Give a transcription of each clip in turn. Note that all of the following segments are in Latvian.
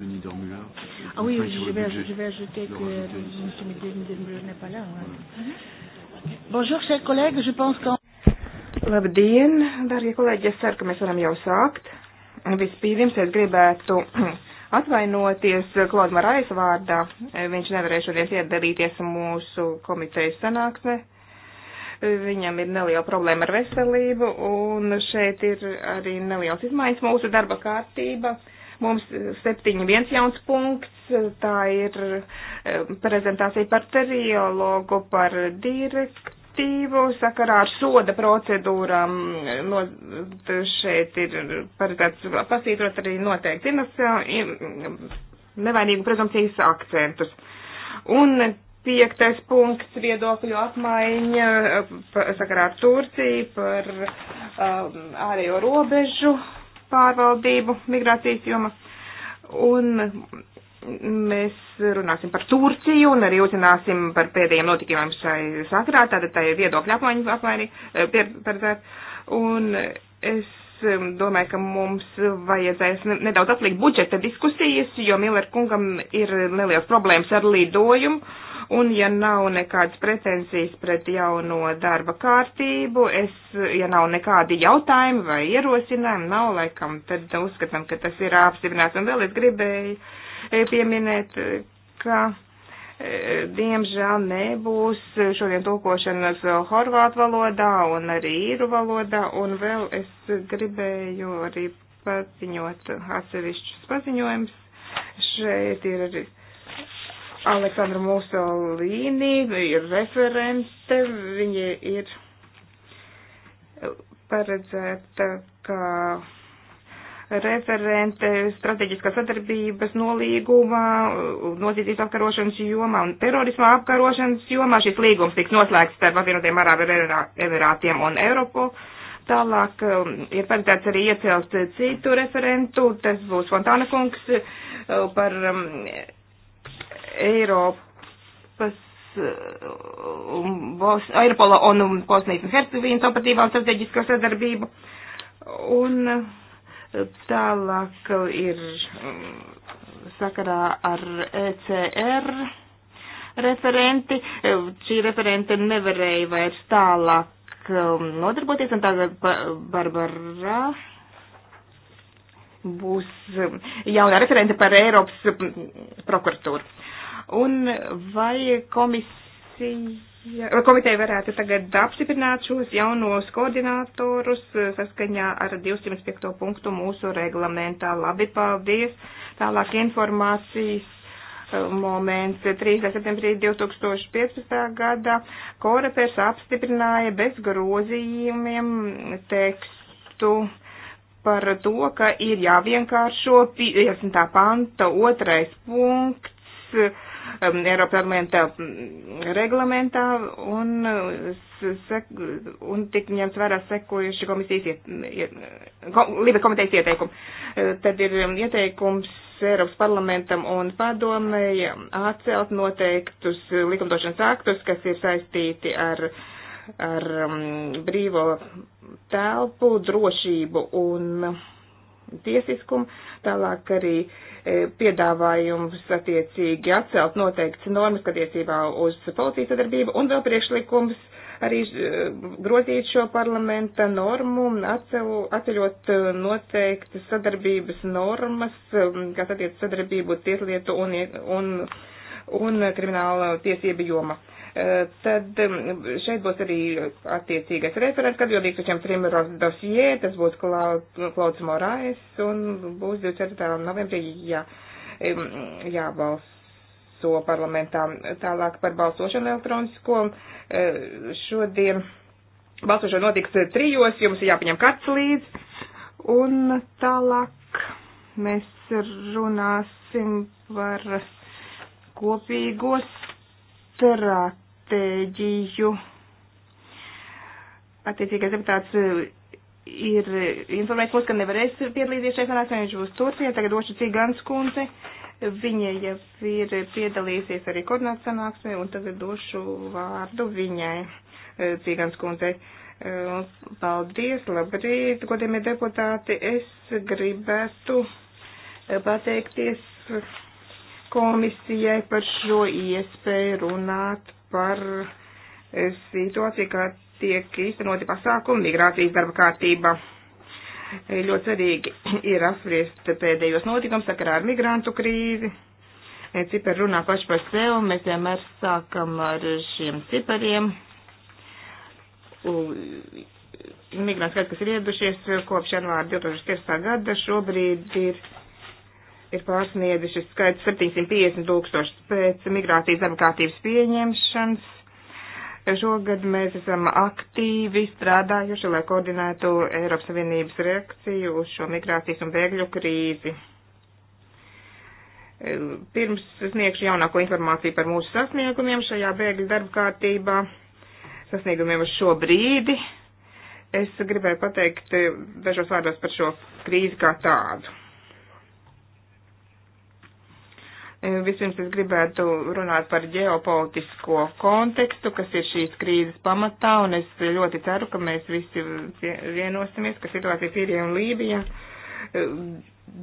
Denis Dormula. Ah oui, oui je, vais, je vais ajouter que euh, M. Denis n'est pas là. Ouais. Mm -hmm. Bonjour, chers collègues, je pense qu'on. Labdien, darbie kolēģi, es ceru, ka mēs varam jau sākt. Vispirms es gribētu atvainoties Klaudu Marais vārdā. Viņš nevarēja šodien iedalīties mūsu komitejas sanāksmē. Viņam ir neliela problēma ar veselību, un šeit ir arī nelielas izmaiņas mūsu darba kārtība. Uh, Mums 7.1 jauns punkts, tā ir e, prezentācija par triologu, par direktīvu sakarā ar soda procedūrām. No, šeit ir paredzēts pasītrot arī noteikti nevainīgu prezumcijas akcentus. Un piektais punkts viedokļu apmaiņa e, sakarā ar Turciju par um, ārējo robežu pārvaldību migrācijas jomā. Un mēs runāsim par Turciju un arī uzzināsim par pēdējiem notikumiem šai sakrā, tātad tā ir viedokļa apmaiņa, apmaiņa eh, paredzēta. Un es um, domāju, ka mums vajadzēs nedaudz atlikt budžeta diskusijas, jo Miller kungam ir neliels problēmas ar lidojumu Un ja nav nekādas pretensijas pret jauno darba kārtību, es, ja nav nekādi jautājumi vai ierosinājumi, nav laikam, tad uzskatām, ka tas ir apstiprināts. Un vēl es gribēju eh, pieminēt, ka. Eh, diemžēl nebūs šodien tulkošanas horvātu valodā un arī īru valodā, un vēl es gribēju arī paziņot atsevišķus paziņojumus. Šeit ir arī Aleksandra Musolīni ir referente, viņa ir paredzēta kā referente strateģiskā sadarbības nolīgumā, noziedzības apkarošanas jomā un terorismā apkarošanas jomā. Šis līgums tiks noslēgts starp apvienotiem Arābu Emirātiem un Eiropu. Tālāk um, ir paredzēts arī iecelst citu referentu, tas būs Fontāna kungs uh, par um, Eiropas uh, Bos, Eiropola un Bosnijas un Hercegovīnas operatīvā un strateģiskā sadarbība. Un uh, tālāk ir um, sakarā ar ECR referenti. Uh, šī referente nevarēja vairs tālāk um, nodarboties, un tagad Barbara būs um, jauna referente par Eiropas prokuratūru. Un vai komisija, vai komiteja varētu tagad apstiprināt šos jaunos koordinātorus saskaņā ar 205. punktu mūsu reglamentā? Labi, paldies. Tālāk informācijas eh, moments 3. septembrī 2015. gadā Korepers apstiprināja bez grozījumiem tekstu par to, ka ir jāvienkāršo 50. panta otrais punkts Um, Eiropas parlamenta um, reglamentā un, uh, sek, un tik ņemts vērā sekojuši komisijas, kom, Libe komitejas ieteikumu. Uh, tad ir um, ieteikums Eiropas parlamentam un padomēji atcelt noteiktus likumdošanas aktus, kas ir saistīti ar ar um, brīvo telpu, drošību un uh, tiesiskumu, tālāk arī e, piedāvājums attiecīgi atcelt noteikts normas attiecībā uz policijas sadarbību un vēl priekšlikums arī e, grozīt šo parlamenta normu, atceļot e, noteiktas sadarbības normas, kas attiec sadarbību tieslietu un, un, un krimināla tiesība joma. Uh, Tad um, šeit būs arī attiecīgais referents, kad jodīgs šiem trim dosijē, tas būs Klauds Morais un būs 24. novembrī jā, um, jābalso parlamentā. Tālāk par balsošanu elektronisko uh, šodien. Balsošana notiks trijos, jums ir jāpaņem kāds līdz. Un tālāk mēs runāsim par kopīgos stratēģiju. Attiecīgais deputāts uh, ir informēts mūs, ka nevarēs piedalīties šajā sanāksmē, viņš būs Turcijā, tagad došu Cigans kundze. Viņa jau ir piedalīsies arī koordināts sanāksmē, un tagad došu vārdu viņai, uh, Cigans kundzei. Uh, paldies, labrīt, godījumie deputāti, es gribētu pateikties komisijai par šo iespēju runāt par e, situāciju, kā tiek īstenoti pasākumi migrācijas darba kārtība. E, ļoti svarīgi ir apspriest pēdējos notikums sakarā ar migrantu krīzi. E, Cipari runā paši par sevi, mēs vienmēr sākam ar šiem cipariem. Migrantu skaits, kas ir iedušies kopš janvāra 2015. gada, šobrīd ir ir pārsniedzuši skaits 750 tūkstoši pēc migrācijas demokrātības pieņemšanas. Šogad mēs esam aktīvi strādājuši, lai koordinētu Eiropas Savienības reakciju uz šo migrācijas un bēgļu krīzi. Pirms sniegšu jaunāko informāciju par mūsu sasniegumiem šajā bēgļu darba kārtībā, sasniegumiem uz šo brīdi. Es gribēju pateikt dažos vārdos par šo krīzi kā tādu Vispirms es gribētu runāt par ģeopolitisko kontekstu, kas ir šīs krīzes pamatā, un es ļoti ceru, ka mēs visi vienosimies, ka situācija Sīrijā un Lībijā e,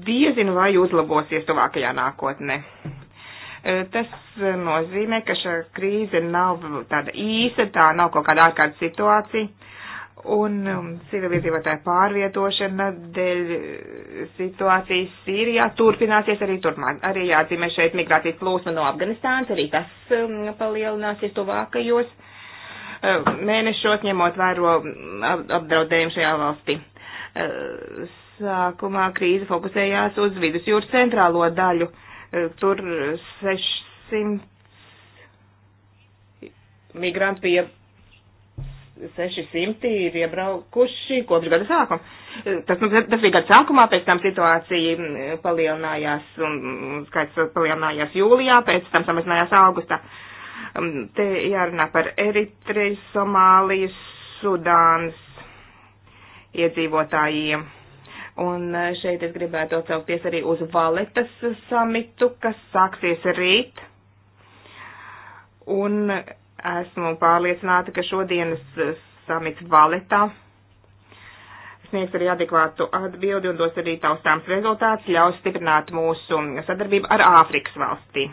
diezinu vai uzlabosies tuvākajā nākotnē. E, tas nozīmē, ka šī krīze nav tāda īsa, tā nav kaut kāda ārkārtas situācija un um, civiliedzīvotāju pārvietošana dēļ uh, situācijas Sīrijā turpināsies arī turpmāk. Arī jāatzīmē šeit migrācijas plūsma no Afganistānas, arī tas um, palielināsies tuvākajos uh, mēnešos, ņemot vēro um, apdraudējumu šajā valstī. Uh, sākumā krīze fokusējās uz vidusjūras centrālo daļu. Uh, tur 600 migrantu bija 600 ir iebraukuši kopš gada sākuma. Tas, nu, tas bija gada sākumā, pēc tam situācija mm, palielinājās, un skaits palielinājās jūlijā, pēc tam samazinājās augustā. Mm, te jārunā par Eritreju, Somāliju, Sudānas iedzīvotājiem. Un eh, šeit es gribētu atsaukties arī uz Valetas samitu, kas sāksies rīt. Un Esmu pārliecināta, ka šodienas eh, samits valetā sniegs arī adekvātu atbildi un dos arī taustāms rezultāts, ļaus stiprināt mūsu sadarbību ar Āfrikas valstī.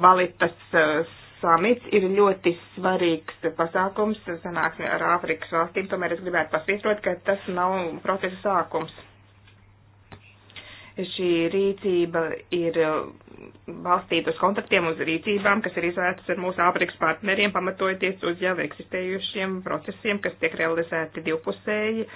Valitas eh, samits ir ļoti svarīgs pasākums sanāksmē ar Āfrikas valstīm, tomēr es gribētu pasvītrot, ka tas nav procesa sākums šī rīcība ir uh, balstīta uz kontaktiem, uz rīcībām, kas ir izvērtas ar mūsu āpriekš partneriem, pamatojoties uz jau eksistējušiem procesiem, kas tiek realizēti divpusēji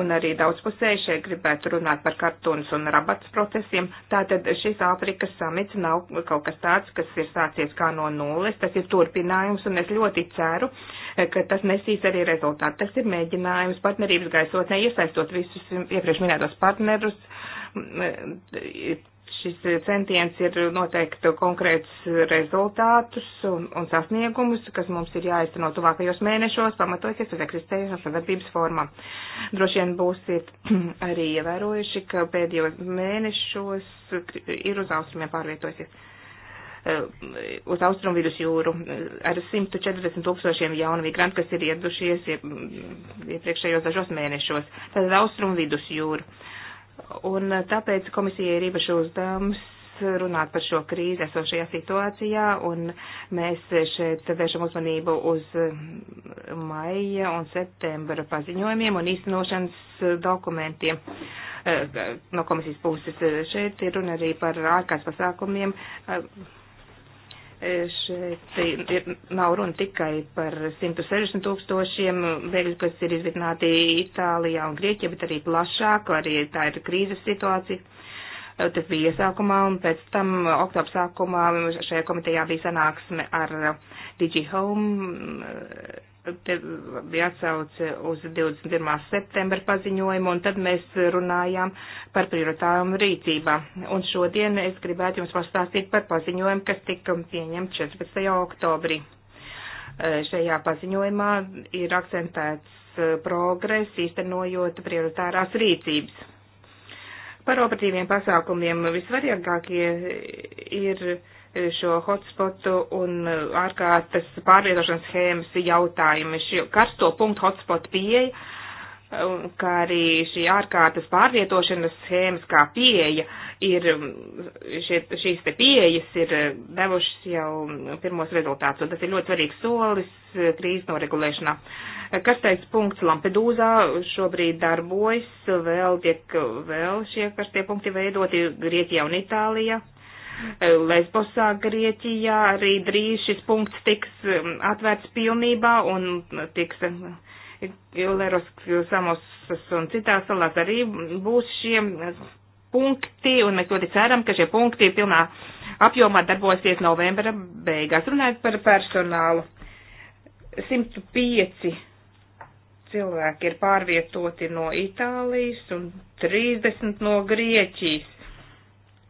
un arī daudzpusēji. Šeit gribētu runāt par kartunas un rabats procesiem. Tātad šis Āfrikas samits nav kaut kas tāds, kas ir sācies kā no nulles, tas ir turpinājums un es ļoti ceru, eh, ka tas nesīs arī rezultātu. Tas ir mēģinājums partnerības gaisotnē iesaistot visus iepriekš minētos partnerus šis centiens ir noteikt konkrēts rezultātus un, un sasniegumus, kas mums ir jāizteno tuvākajos mēnešos, pamatoties uz eksistējušām sadarbības formām. Droši vien būsiet arī ievērojuši, ka pēdējos mēnešos ir uz austrumiem pārvietojusies eh, uz austrumu vidus jūru ar 140 tūkstošiem jaunu migrantu, kas ir iedušies iepriekšējos dažos mēnešos. Tad austrumu vidus jūru. Uh, Un eh, tāpēc komisija ir īpaši uzdevums runāt par šo krīzi esošajā situācijā, un mēs šeit vēršam uzmanību uz eh, maija un septembra paziņojumiem un īstenošanas eh, dokumentiem no komisijas puses. Šeit ir runa arī par ārkārtas pasākumiem E, šeit ir, nav runa tikai par 160 tūkstošiem bēgļu, kas ir izvietnāti Itālijā un Grieķijā, bet arī plašāk, arī tā ir krīzes situācija. E, tas bija iesākumā un pēc tam oktobra sākumā šajā komitejā bija sanāksme ar DigiHome te bija atsauce uz 21. septembra paziņojumu, un tad mēs runājām par prioritājumu rīcībā. Un šodien es gribētu jums pastāstīt par paziņojumu, kas tika pieņemts 14. oktobrī. E, šajā paziņojumā ir akcentēts e, progress īstenojot prioritārās rīcības. Par operatīviem pasākumiem visvarīgākie ir šo hotspotu un eh, ārkārtas pārvietošanas schēmas jautājumi. Šī karsto punktu hotspot pieeja, eh, kā arī šī ārkārtas pārvietošanas schēmas kā pieeja ir, mm, šie, šīs te pieejas ir eh, devušas jau pirmos rezultātus, un tas ir ļoti svarīgs solis krīzes noregulēšanā. Karstais punkts Lampedūzā šobrīd darbojas, vēl tiek vēl šie karstie punkti veidoti Grieķijā un Itālijā Lesbosā, Grieķijā arī drīz šis punkts tiks um, atvērts pilnībā un tiks Ileros, um, Samosas un citās salās arī būs šie punkti, un mēs ļoti ceram, ka šie punkti pilnā apjomā darbosies novembra beigās. Runājot par personālu, 105 cilvēki ir pārvietoti no Itālijas un 30 no Grieķijas.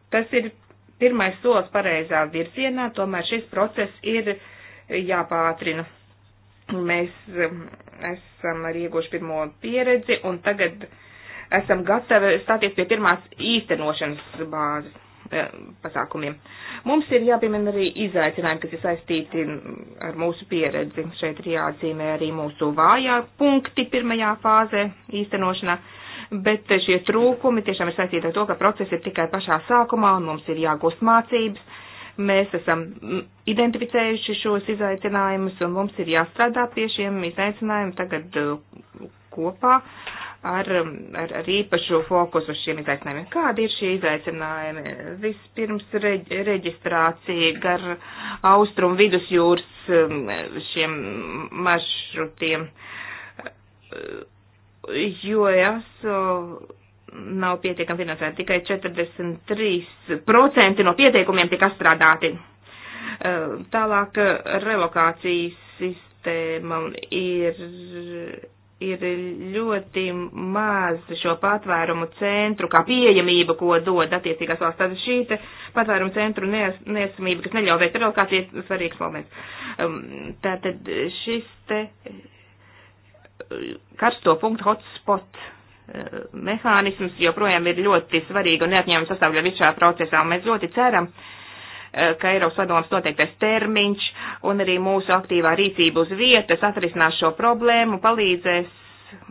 Tas ir pirmais solis pareizā virzienā, tomēr šis process ir jāpātrina. Mēs um, esam arī ieguši pirmo pieredzi un tagad esam gatavi stāties pie pirmās īstenošanas bāzes eh, pasākumiem. Mums ir jāpiemina arī izaicinājumi, kas ir saistīti ar mūsu pieredzi. Šeit ir jāatzīmē arī mūsu vājā punkti pirmajā fāzē īstenošanā. Uh, bet šie trūkumi tiešām ir saistīti ar to, ka process ir tikai pašā sākumā un mums ir jāgūst mācības. Mēs esam mm, identificējuši šos izaicinājumus un mums ir jāstrādā pie šiem izaicinājumiem tagad uh, kopā ar, um, ar, ar īpašu fokusu uz šiem izaicinājumiem. Kādi ir šie izaicinājumi? Vispirms reģ, reģistrācija gar austrumu vidusjūras um, šiem maršrutiem uh, jo ESO nav pietiekami finansēta. Tikai 43% no pieteikumiem tika strādāti. Eh, tālāk eh, relokācijas sistēma ir, ir ļoti maz šo patvērumu centru, kā pieejamība, ko dod attiecīgās valsts. Tad šī te patvērumu centru nes, nesamība, kas neļauj veikt relokāciju, ir svarīgs moments. Um, tātad šis te karsto punktu hotspot eh, mehānisms joprojām ir ļoti svarīga un neatņēmama sastāvdaļa visā procesā. Mēs ļoti ceram, eh, ka Eiropas padomas noteiktais termiņš un arī mūsu aktīvā rīcība uz vietas atrisinās šo problēmu, palīdzēs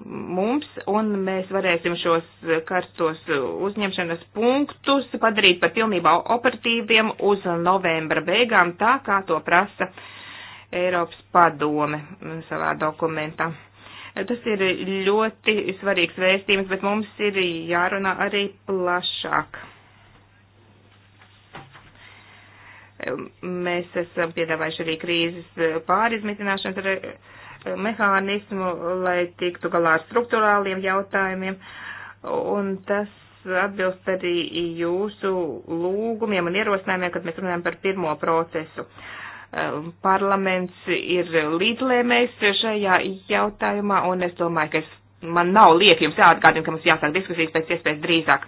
mums, un mēs varēsim šos karstos uzņemšanas punktus padarīt par pilnībā operatīviem uz novembra beigām, tā kā to prasa Eiropas padome savā dokumentā. Tas ir ļoti svarīgs vēstījums, bet mums ir jārunā arī plašāk. Mēs esam piedāvājuši arī krīzes pārizmitināšanas mehānismu, lai tiktu galā ar struktūrāliem jautājumiem, un tas atbilst arī jūsu lūgumiem un ierosinājumiem, kad mēs runājam par pirmo procesu. Uh, parlaments ir līdzlēmējs šajā jautājumā, un es domāju, ka es, man nav lieki jums jāatgādina, ka mums jāsāk diskusijas pēc iespējas drīzāk.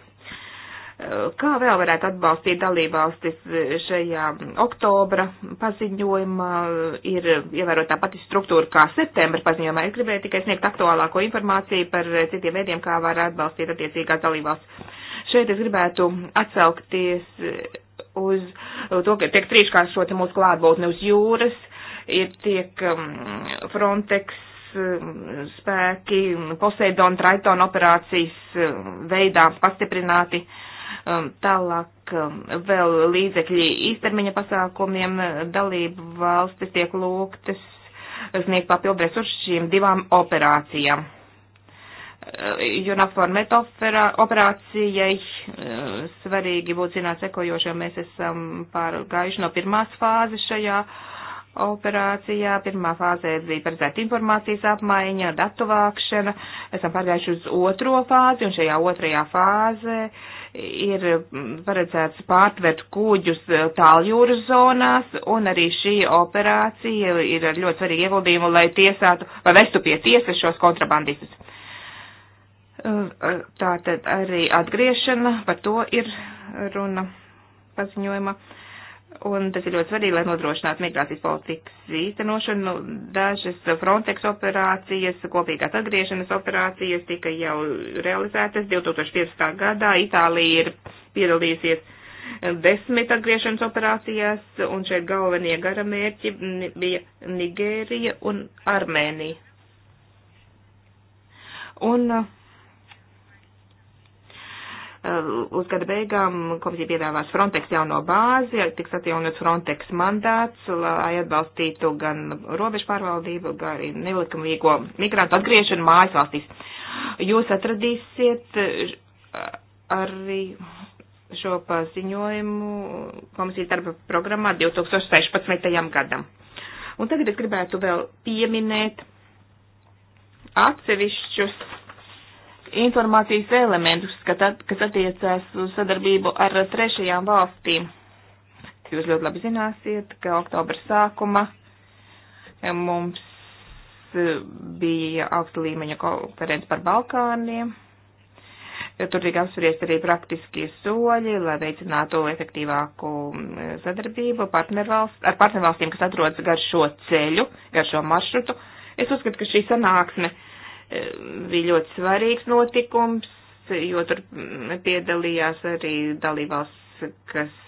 Kā vēl varētu atbalstīt dalībvalstis šajā oktobra paziņojumā? Ir ievērot tā pati struktūra kā septembra paziņojumā. Es gribēju tikai sniegt aktuālāko informāciju par citiem veidiem, kā var atbalstīt attiecīgās dalībvalstis. Šeit es gribētu atsaukties uz to, ka tiek trīškāršoti mūsu klātbūtne uz jūras, ir tiek um, Frontex um, spēki Poseidon, Triton operācijas um, veidā pastiprināti. Tālāk vēl līdzekļi īstermiņa pasākumiem dalību valstis tiek lūgtas sniegt papildu resursu šīm divām operācijām. UNAFOR MET operācijai svarīgi būtu zināt sekojošo, mēs esam pārgājuši no pirmās fāzes šajā operācijā. Pirmā fāzē bija paredzēta informācijas apmaiņa, datu vākšana. Esam pārgājuši uz otro fāzi, un šajā otrajā fāzē ir paredzēts pārtvert kūģus tāljūras zonās, un arī šī operācija ir ar ļoti svarīgu ieguldījumu, lai tiesātu vai vestu pie tiesas šos kontrabandistus. Eh, Tā tad arī atgriešana, par to ir runa paziņojuma. Un tas ir ļoti svarīgi, lai nodrošinātu migrācijas politikas īstenošanu. Nu, dažas Frontex operācijas, kopīgās atgriešanas operācijas tika jau realizētas 2015. gadā. Itālija ir piedalījusies desmit atgriešanas operācijās, un šeit galvenie gara mērķi bija Nigērija un Armēnija. Un uh, Uz gada beigām komisija piedāvās Frontex jauno bāzi, tiks atjaunots Frontex mandāts, lai atbalstītu gan robežu pārvaldību, gan arī nelikumīgo migrantu atgriešanu mājas valstīs. Jūs atradīsiet arī šo paziņojumu komisijas darba programmā 2016. gadam. Un tagad es gribētu vēl pieminēt atsevišķus informācijas elementus, kas attiecās uz sadarbību ar trešajām valstīm. Jūs ļoti labi zināsiet, ka oktobra sākuma mums bija augsta līmeņa konference par Balkāniem. Tur tika apspriest arī praktiskie soļi, lai veicinātu efektīvāku mm, sadarbību partnervalst, ar partnervalstīm, kas atrodas gar šo ceļu, gar šo maršrutu. Es uzskatu, ka šī sanāksme uh, bija ļoti svarīgs notikums, jo tur piedalījās arī dalībvalsts, kas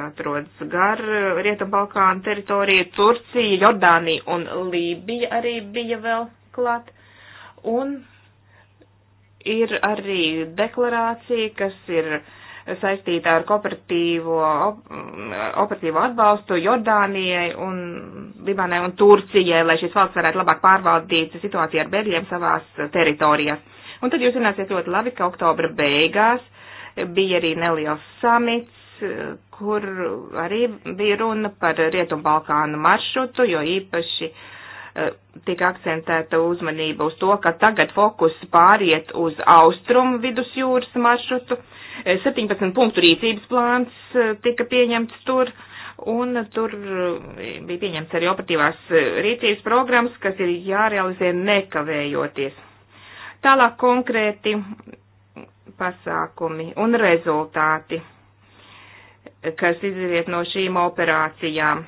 atrodas gar Rietumbalkānu teritoriju, Turcija, Jordānija un Lībija arī bija vēl klāt. Un ir arī deklarācija, kas ir uh, saistīta ar kooperatīvo, operatīvo atbalstu Jordānijai un Libanai un Turcijai, lai šīs valsts varētu labāk pārvaldīt situāciju ar bēgļiem savās teritorijās. Un tad jūs zināsiet ļoti labi, ka oktobra beigās bija arī neliels samits, kur arī bija runa par Rietumu Balkānu maršrutu, jo īpaši e, tika akcentēta uzmanība uz to, ka tagad fokus pāriet uz austrumu vidusjūras maršrutu. Uh, 17 punktu rīcības plāns e, tika pieņemts tur, un tur e, bija pieņemts arī operatīvās e, rīcības programmas, kas ir jārealizē nekavējoties. Tālāk konkrēti pasākumi un rezultāti, kas izriet no šīm operācijām.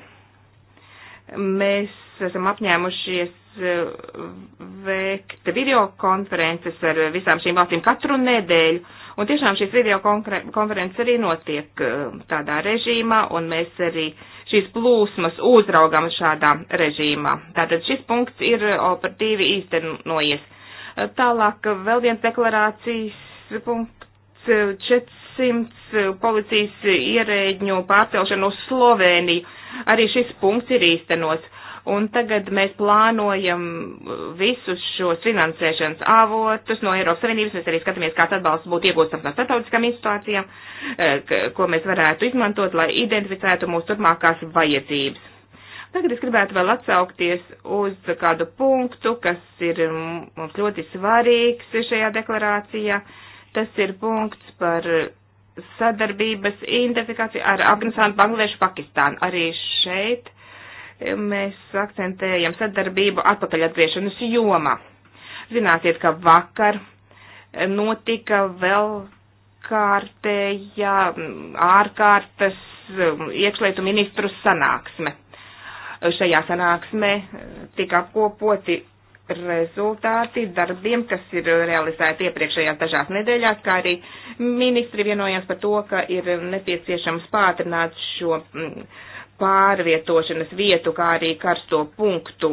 Mēs esam apņēmušies veikt videokonferences ar visām šīm valstīm katru nedēļu, Un tiešām šīs video konferences arī notiek eh, tādā režīmā, un mēs arī šīs plūsmas uzraugam šādā režīmā. Tātad šis punkts ir eh, operatīvi īstenojies. Eh, tālāk vēl viens deklarācijas punkts 400 policijas ierēģņu pārcelšanu uz Sloveniju. Arī šis punkts ir īstenots. Un tagad mēs plānojam visus šos finansēšanas avotus no Eiropas Savienības. Mēs arī skatāmies, kāds atbalsts būtu iegūstams no starptautiskām institūcijām, e, ko mēs varētu izmantot, lai identificētu mūsu turpmākās vajadzības. Tagad es gribētu vēl atsaukties uz kādu punktu, kas ir mums ļoti svarīgs šajā deklarācijā. Tas ir punkts par sadarbības identifikāciju ar Afganistānu, Bangladešu, Pakistānu. Arī šeit mēs akcentējam sadarbību atpakaļatgriešanas jomā. Zināsiet, ka vakar eh, notika vēl kārtējā mm, ārkārtas mm, iekšlietu ministru sanāksme. Šajā sanāksmē eh, tika apkopoti rezultāti darbiem, kas ir realizēti iepriekšējās dažās nedēļās, kā arī ministri vienojās par to, ka ir nepieciešams pātrināt šo mm, pārvietošanas vietu, kā arī karsto punktu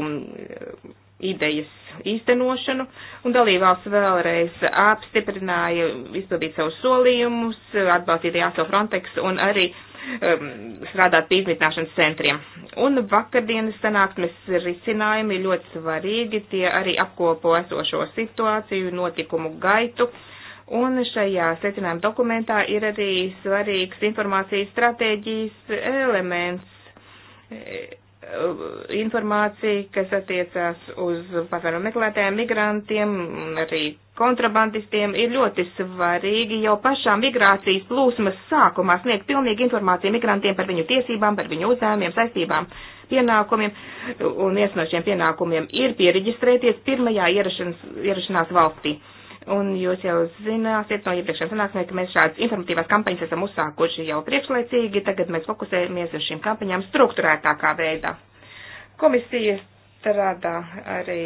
idejas īstenošanu, un dalībvalsts vēlreiz apstiprināja izpildīt savus solījumus, atbalstīt ASO Frontex un arī um, strādāt pie iznīcināšanas centriem. Un vakardienas sanāksmes risinājumi ļoti svarīgi, tie arī apkopo esošo situāciju, notikumu gaitu. Uh, Un šajā secinājuma dokumentā ir arī svarīgs informācijas stratēģijas elements, e, informācija, kas attiecās uz patvērumu meklētājiem, migrantiem, arī kontrabandistiem, ir ļoti svarīgi jau pašā migrācijas plūsmas sākumā sniegt pilnīgi informāciju migrantiem par viņu tiesībām, par viņu uzdevumiem, saistībām, pienākumiem, un viens no šiem pienākumiem ir pieregistrēties pirmajā ierašanās valstī. Un jūs jau zināsiet no iepriekšējām sanāksmēm, ka mēs šādas informatīvās kampaņas esam uzsākuši jau priekšlaicīgi, tagad mēs fokusējamies uz šīm kampaņām struktūrētākā veidā. Komisija strādā arī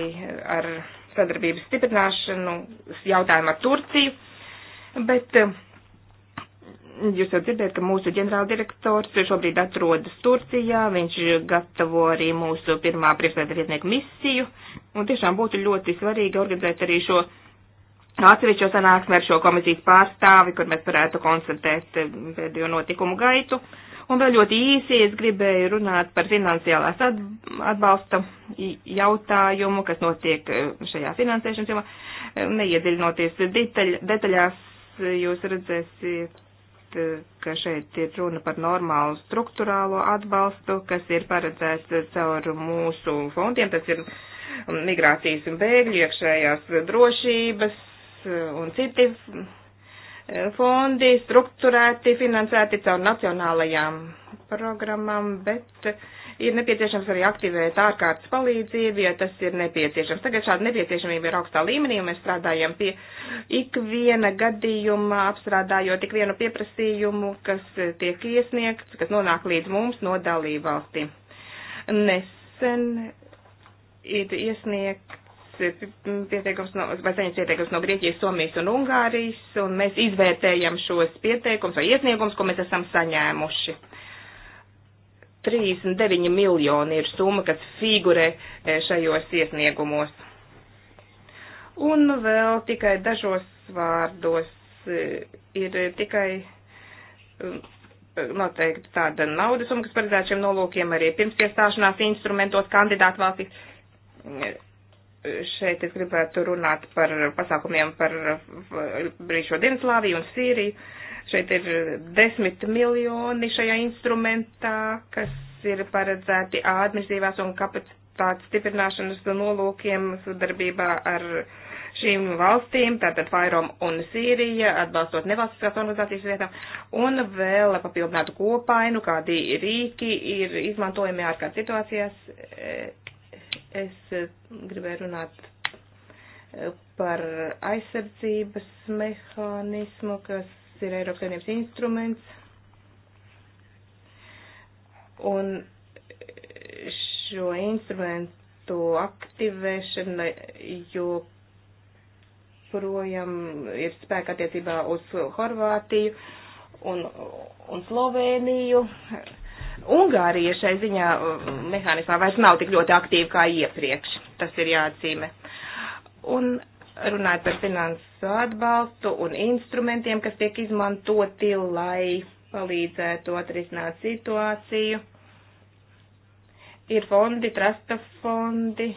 ar sadarbības stiprināšanu jautājumu ar Turciju, bet eh, jūs jau dzirdējat, ka mūsu ģenerāldirektors šobrīd atrodas Turcijā, viņš gatavo arī mūsu pirmā priekšlaida vietnieku misiju, un tiešām būtu ļoti svarīgi organizēt arī šo atsevišķo sanāksmi ar šo komisijas pārstāvi, kur mēs varētu konstatēt eh, pēdējo notikumu gaitu. Un vēl ļoti īsi es gribēju runāt par finansiālās atbalsta jautājumu, kas notiek eh, šajā finansēšanas jomā. Eh, neiedziļinoties detaļ, detaļās, jūs redzēsiet, ka šeit ir runa par normālu struktūrālo atbalstu, kas ir paredzēts caur mūsu fondiem. Tas ir migrācijas un bēgļu iekšējās drošības Eh, un citi eh, fondi strukturēti, finansēti caur nacionālajām programmām, bet ir nepieciešams arī aktivēt ārkārtas palīdzību, ja tas ir nepieciešams. Tagad šāda nepieciešamība ir augstā līmenī, un mēs strādājam pie ikviena gadījuma, apstrādājot ikvienu pieprasījumu, kas tiek iesniegts, kas nonāk līdz mums no dalībvalstīm. Nesen ir iesniegt pieteikums, no, vai saņemts pieteikums no Grieķijas, Somijas un Ungārijas, un mēs izvērtējam šos pieteikums vai iesniegums, ko mēs esam saņēmuši. 39 miljoni ir summa, kas figurē e, šajos iesniegumos. Un vēl tikai dažos vārdos e, ir tikai e, noteikti tāda naudas summa, kas paredzēta šiem nolūkiem arī pirms iestāšanās instrumentos kandidātu valstīs šeit es gribētu runāt par pasākumiem par brīšo Dienaslāviju un Sīriju. Šeit ir desmit miljoni šajā instrumentā, kas ir paredzēti administrīvās un kapacitātes stiprināšanas nolūkiem sadarbībā ar šīm valstīm, tātad Fairom un Sīrija, atbalstot nevalstiskās organizācijas vietām, un vēl papildinātu kopainu, kādi rīki ir izmantojami ārkārtas situācijās Es eh, gribēju runāt eh, par aizsardzības mehānismu, kas ir Eiropas Savienības instruments. Un šo instrumentu aktivēšana joprojām ir spēka attiecībā uz Horvātiju un, un Sloveniju. Ungārija šai ziņā um, mehānismā vairs nav tik ļoti aktīva kā iepriekš. Tas ir jāatzīmē. Un runājot par finansu atbalstu un instrumentiem, kas tiek izmantoti, lai palīdzētu atrisināt situāciju, ir fondi, trasta fondi,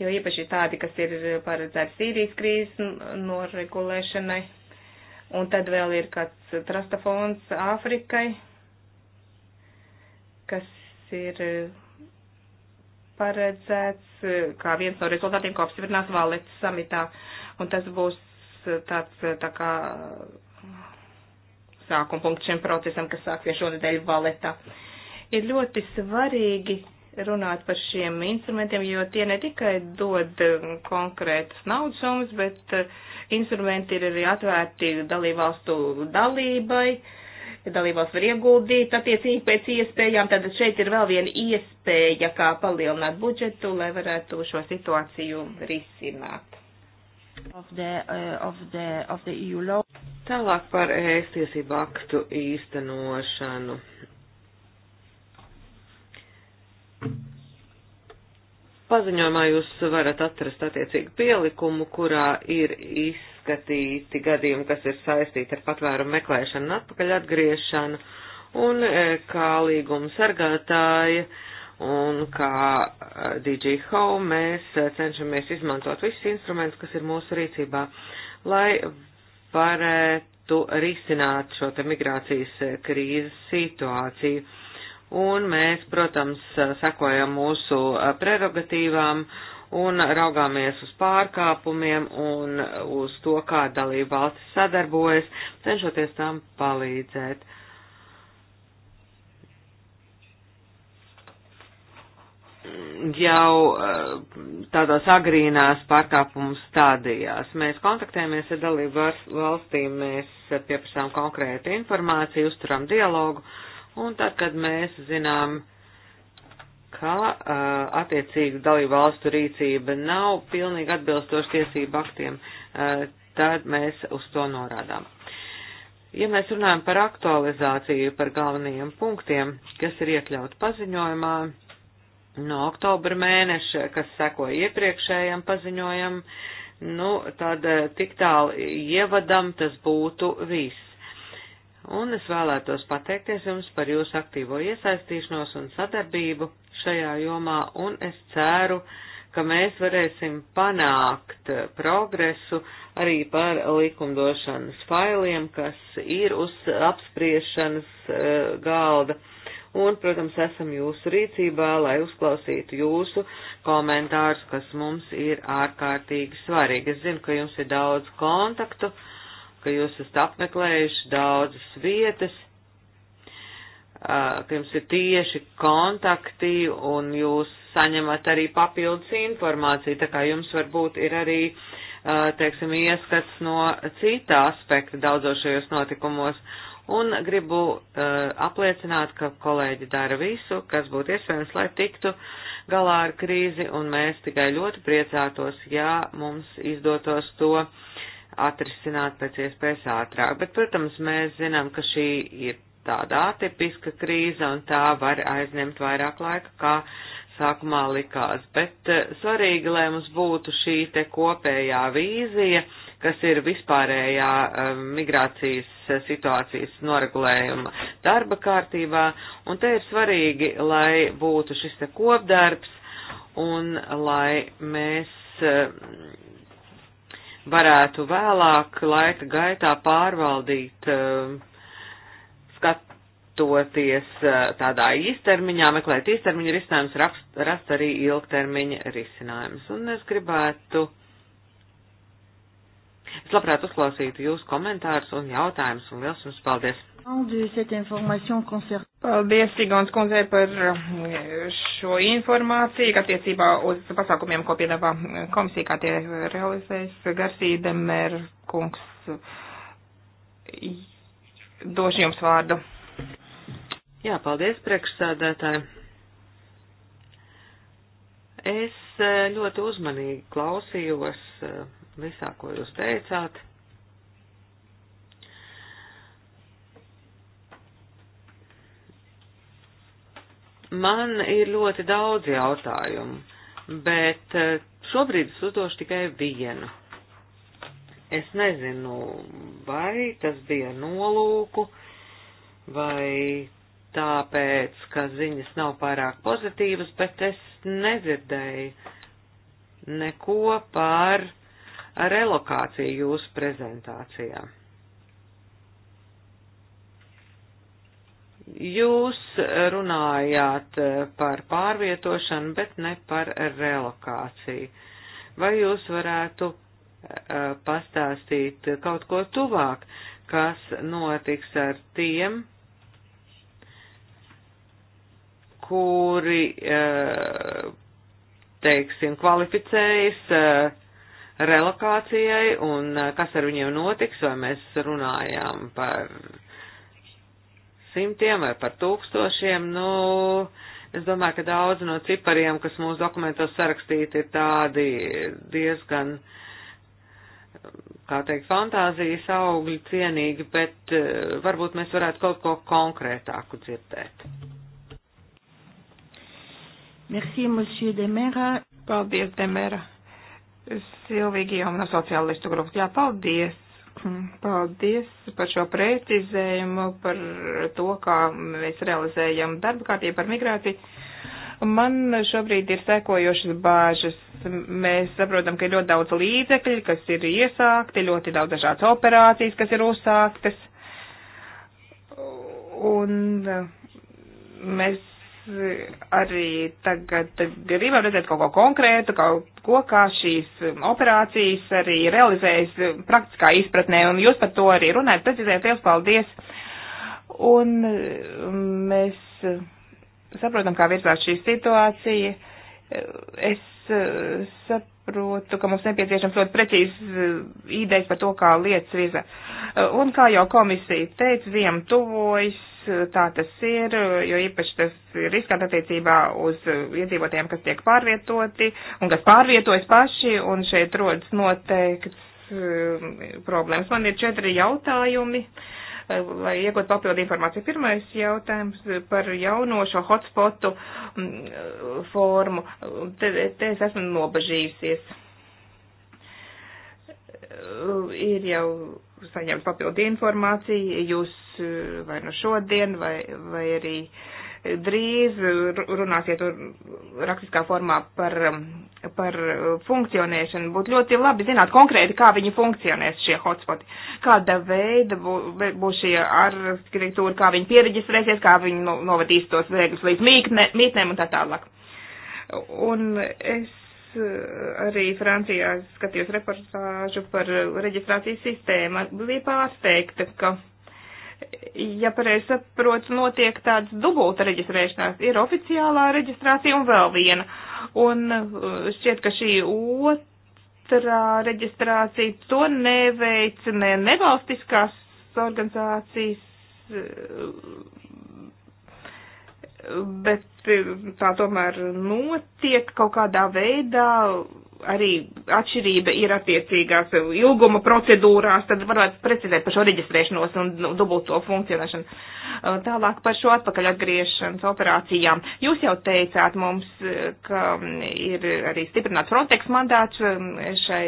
jo īpaši tādi, kas ir paredzēti Sīrijas krīzes noregulēšanai. Un tad vēl ir kāds trasta fonds Āfrikai, kas ir eh, paredzēts eh, kā viens no rezultātiem, ko apstiprinās Valets samitā. Un tas būs eh, tāds tā kā sākuma punkts šiem procesam, kas sāksies šonadēļ Valetā. Ir ļoti svarīgi runāt par šiem instrumentiem, jo tie ne tikai dod konkrētas naudas summas, bet instrumenti ir arī atvērti dalībvalstu dalībai. Uh, dalībvalsts var ieguldīt attiecīgi pēc iespējām, tad šeit ir vēl viena iespēja, kā palielināt budžetu, lai varētu šo situāciju risināt. Of the, uh, of the, of the EU law. Tālāk par ēst tiesību aktu īstenošanu. Paziņojumā jūs varat atrast attiecīgu pielikumu, kurā ir izsākums izskatīti gadījumi, kas ir saistīti ar patvērumu meklēšanu un atpakaļ atgriešanu, un e, kā līguma sargātāja un kā e, DJ Home mēs e, cenšamies izmantot visus instrumentus, kas ir mūsu rīcībā, lai varētu risināt šo te migrācijas krīzes situāciju. Un mēs, protams, sekojam mūsu prerogatīvām un raugāmies uz pārkāpumiem un uz to, kā dalība valstis sadarbojas, cenšoties tam palīdzēt. Jau eh, tādās agrīnās pārkāpumu stādījās. Mēs kontaktējamies ar dalību valstīm, mēs pieprasām konkrētu informāciju, uzturam dialogu, un tad, kad mēs zinām, uh, ka uh, attiecīgu dalību valstu rīcība nav pilnīgi atbilstoša tiesību aktiem, uh, tad mēs uz to norādām. Ja mēs runājam par aktualizāciju, par galvenajiem punktiem, kas ir iekļaut paziņojumā no oktobra mēneša, kas sekoja iepriekšējam paziņojam, nu, tad tik tālu ievadam tas būtu viss un es vēlētos pateikties jums par jūsu aktīvo iesaistīšanos un sadarbību šajā jomā, un es ceru, ka mēs varēsim panākt progresu arī par likumdošanas failiem, kas ir uz apspriešanas eh, galda. Un, protams, esam jūsu rīcībā, lai uzklausītu jūsu komentārus, kas mums ir ārkārtīgi svarīgi. Es zinu, ka jums ir daudz kontaktu. Uh, ka jūs esat apmeklējuši daudzas vietas, ka jums ir tieši kontakti un jūs saņemat arī papildus informāciju, tā kā jums varbūt ir arī, teiksim, ieskats no cita aspekta daudzošajos notikumos. Un gribu uh, apliecināt, ka kolēģi dara visu, kas būtu iespējams, lai tiktu galā ar krīzi, un mēs tikai ļoti priecātos, ja mums izdotos to uh, atrisināt pēc iespējas ātrāk. Bet, protams, mēs zinām, ka šī ir tāda atipiska krīze un tā var aizņemt vairāk laika, kā sākumā likās. Bet eh, svarīgi, lai mums būtu šī te kopējā vīzija, kas ir vispārējā eh, migrācijas eh, situācijas noregulējuma darba kārtībā, un te ir svarīgi, lai būtu šis te kopdarbs un lai mēs varētu vēlāk laika gaitā pārvaldīt, um, skatoties uh, tādā īstermiņā, meklēt īstermiņa risinājumus, rast arī ilgtermiņa risinājumus. Un es gribētu. Es labprāt uzklausītu jūsu komentārus un jautājumus, un liels jums paldies! Paldies, Sigons kundze, par eh, šo informāciju attiecībā uz pasākumiem, ko piedāvā eh, komisija, kā tie realizēs. Garsīda Mērkungs, došu jums vārdu. Jā, paldies, priekšsēdētāji. Es eh, ļoti uzmanīgi klausījos visā, ko jūs teicāt Man ir ļoti daudz jautājumu, bet eh, šobrīd es uzdošu tikai vienu. Es nezinu, vai tas bija nolūku, vai tāpēc, ka ziņas nav pārāk pozitīvas, bet es nedzirdēju neko par relokāciju jūsu prezentācijām. Jūs runājāt eh, par pārvietošanu, bet ne par relokāciju. Vai jūs varētu eh, pastāstīt kaut ko tuvāk, kas notiks ar tiem, kuri, eh, teiksim, kvalificējas relokācijai un kas ar viņiem notiks, vai mēs runājām par simtiem vai par tūkstošiem, nu, es domāju, ka daudz no cipariem, kas mūsu dokumentos sarakstīti, ir tādi diezgan, kā teikt, fantāzijas augļi cienīgi, bet eh, varbūt mēs varētu kaut ko konkrētāku dzirdēt. Merci, monsieur Demera. Paldies, Demera. Silvīgi jau no sociālistu grupas. Jā, paldies. Paldies par šo precizējumu, par to, kā mēs realizējam darba kārtību par migrāciju. Man šobrīd ir sekojošas bāžas. Mēs saprotam, ka ir ļoti daudz līdzekļu, kas ir iesākti, ļoti daudz dažādas operācijas, kas ir uzsāktas. Un mēs arī tagad gribam redzēt kaut ko konkrētu, kaut ko, kā šīs operācijas arī realizējas praktiskā izpratnē, un jūs par to arī runājat, precizējat, liels paldies. Un um, mēs uh, saprotam, kā virzās šī situācija. Uh, es uh, saprotu, ka mums nepieciešams ļoti precīzi idejas par to, kā lietas virza. Un kā jau komisija teica, ziem tuvojas tā tas ir, jo īpaši tas ir riskant attiecībā uz iedzīvotiem, kas tiek pārvietoti un kas pārvietojas paši, un šeit rodas noteikts um, problēmas. Man ir četri jautājumi, uh, lai iegūtu papildu informāciju. Pirmais jautājums par jauno šo hotspotu mm, formu. Te, te es esmu nobažījusies. Uh, ir jau saņemts papildu informāciju, jūs vai nu šodien, vai, vai arī drīz runāsiet rakstiskā formā par, par funkcionēšanu. Būtu ļoti labi zināt konkrēti, kā viņi funkcionēs šie hotspoti, kāda veida būs šī arhitektūra, kā viņi piereģistrēsies, kā viņi novadīs tos vēgļus līdz mītnēm mīkne, un tā tālāk. Un es arī Francijā skatījos reportāžu par reģistrācijas sistēmu. Bija pārsteigta, ka ja pareizi saprotu, notiek tāds dubulta reģistrēšanās. Ir oficiālā reģistrācija un vēl viena. Un uh, šķiet, ka šī otrā reģistrācija to neveic ne nevalstiskās organizācijas, uh, bet tā tomēr notiek kaut kādā veidā arī atšķirība ir attiecīgās ilguma procedūrās, tad varētu precizēt par šo reģistrēšanos un nu, dubulto funkcionēšanu. Tālāk par šo atpakaļ atgriešanas operācijām. Jūs jau teicāt mums, ka um, ir arī stiprināts Frontex mandāts um, šai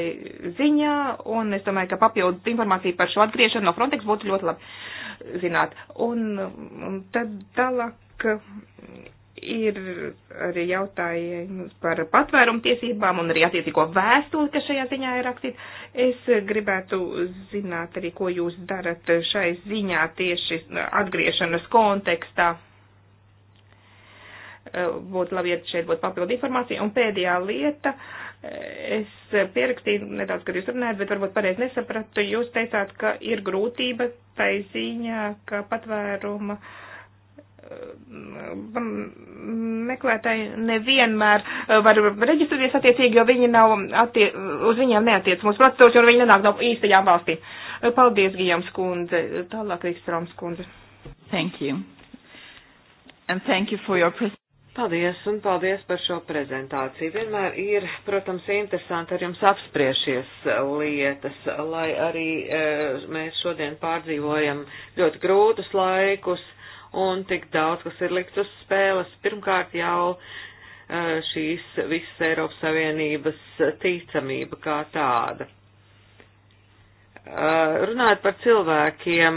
ziņā, un es domāju, ka papildus informācija par šo atgriešanu no Frontex būtu ļoti labi zināt. Un, um, un tad tālāk Ir arī jautājumi par patvērumu tiesībām un arī attiecīgo vēstuli, kas šajā ziņā ir rakstīts. Es gribētu zināt arī, ko jūs darat šai ziņā tieši atgriešanas kontekstā būtu labi, ja šeit būtu papildu informācija. Un pēdējā lieta, es pierakstīju nedaudz, kad jūs runājat, bet varbūt pareizi nesapratu, jūs teicāt, ka ir grūtība tai ziņā, ka patvēruma uh, Ehm, meklētāji nevienmēr eh, var reģistrēties attiecīgi, jo viņi nav, attie, uz viņiem neatiec mūsu procedūras, jo viņi nenāk no īstajām valstīm. Eh, paldies, Gijams kundze. Eh, tālāk, Rīkstroms kundze. Thank you. And thank you for your presentation. Paldies un paldies par šo prezentāciju. Vienmēr ir, protams, interesanti ar jums apspriešies lietas, lai arī e, mēs šodien pārdzīvojam ļoti grūtus laikus. E, un tik daudz, kas ir likts uz spēles. Pirmkārt jau šīs visas Eiropas Savienības ticamība kā tāda. Runājot par cilvēkiem,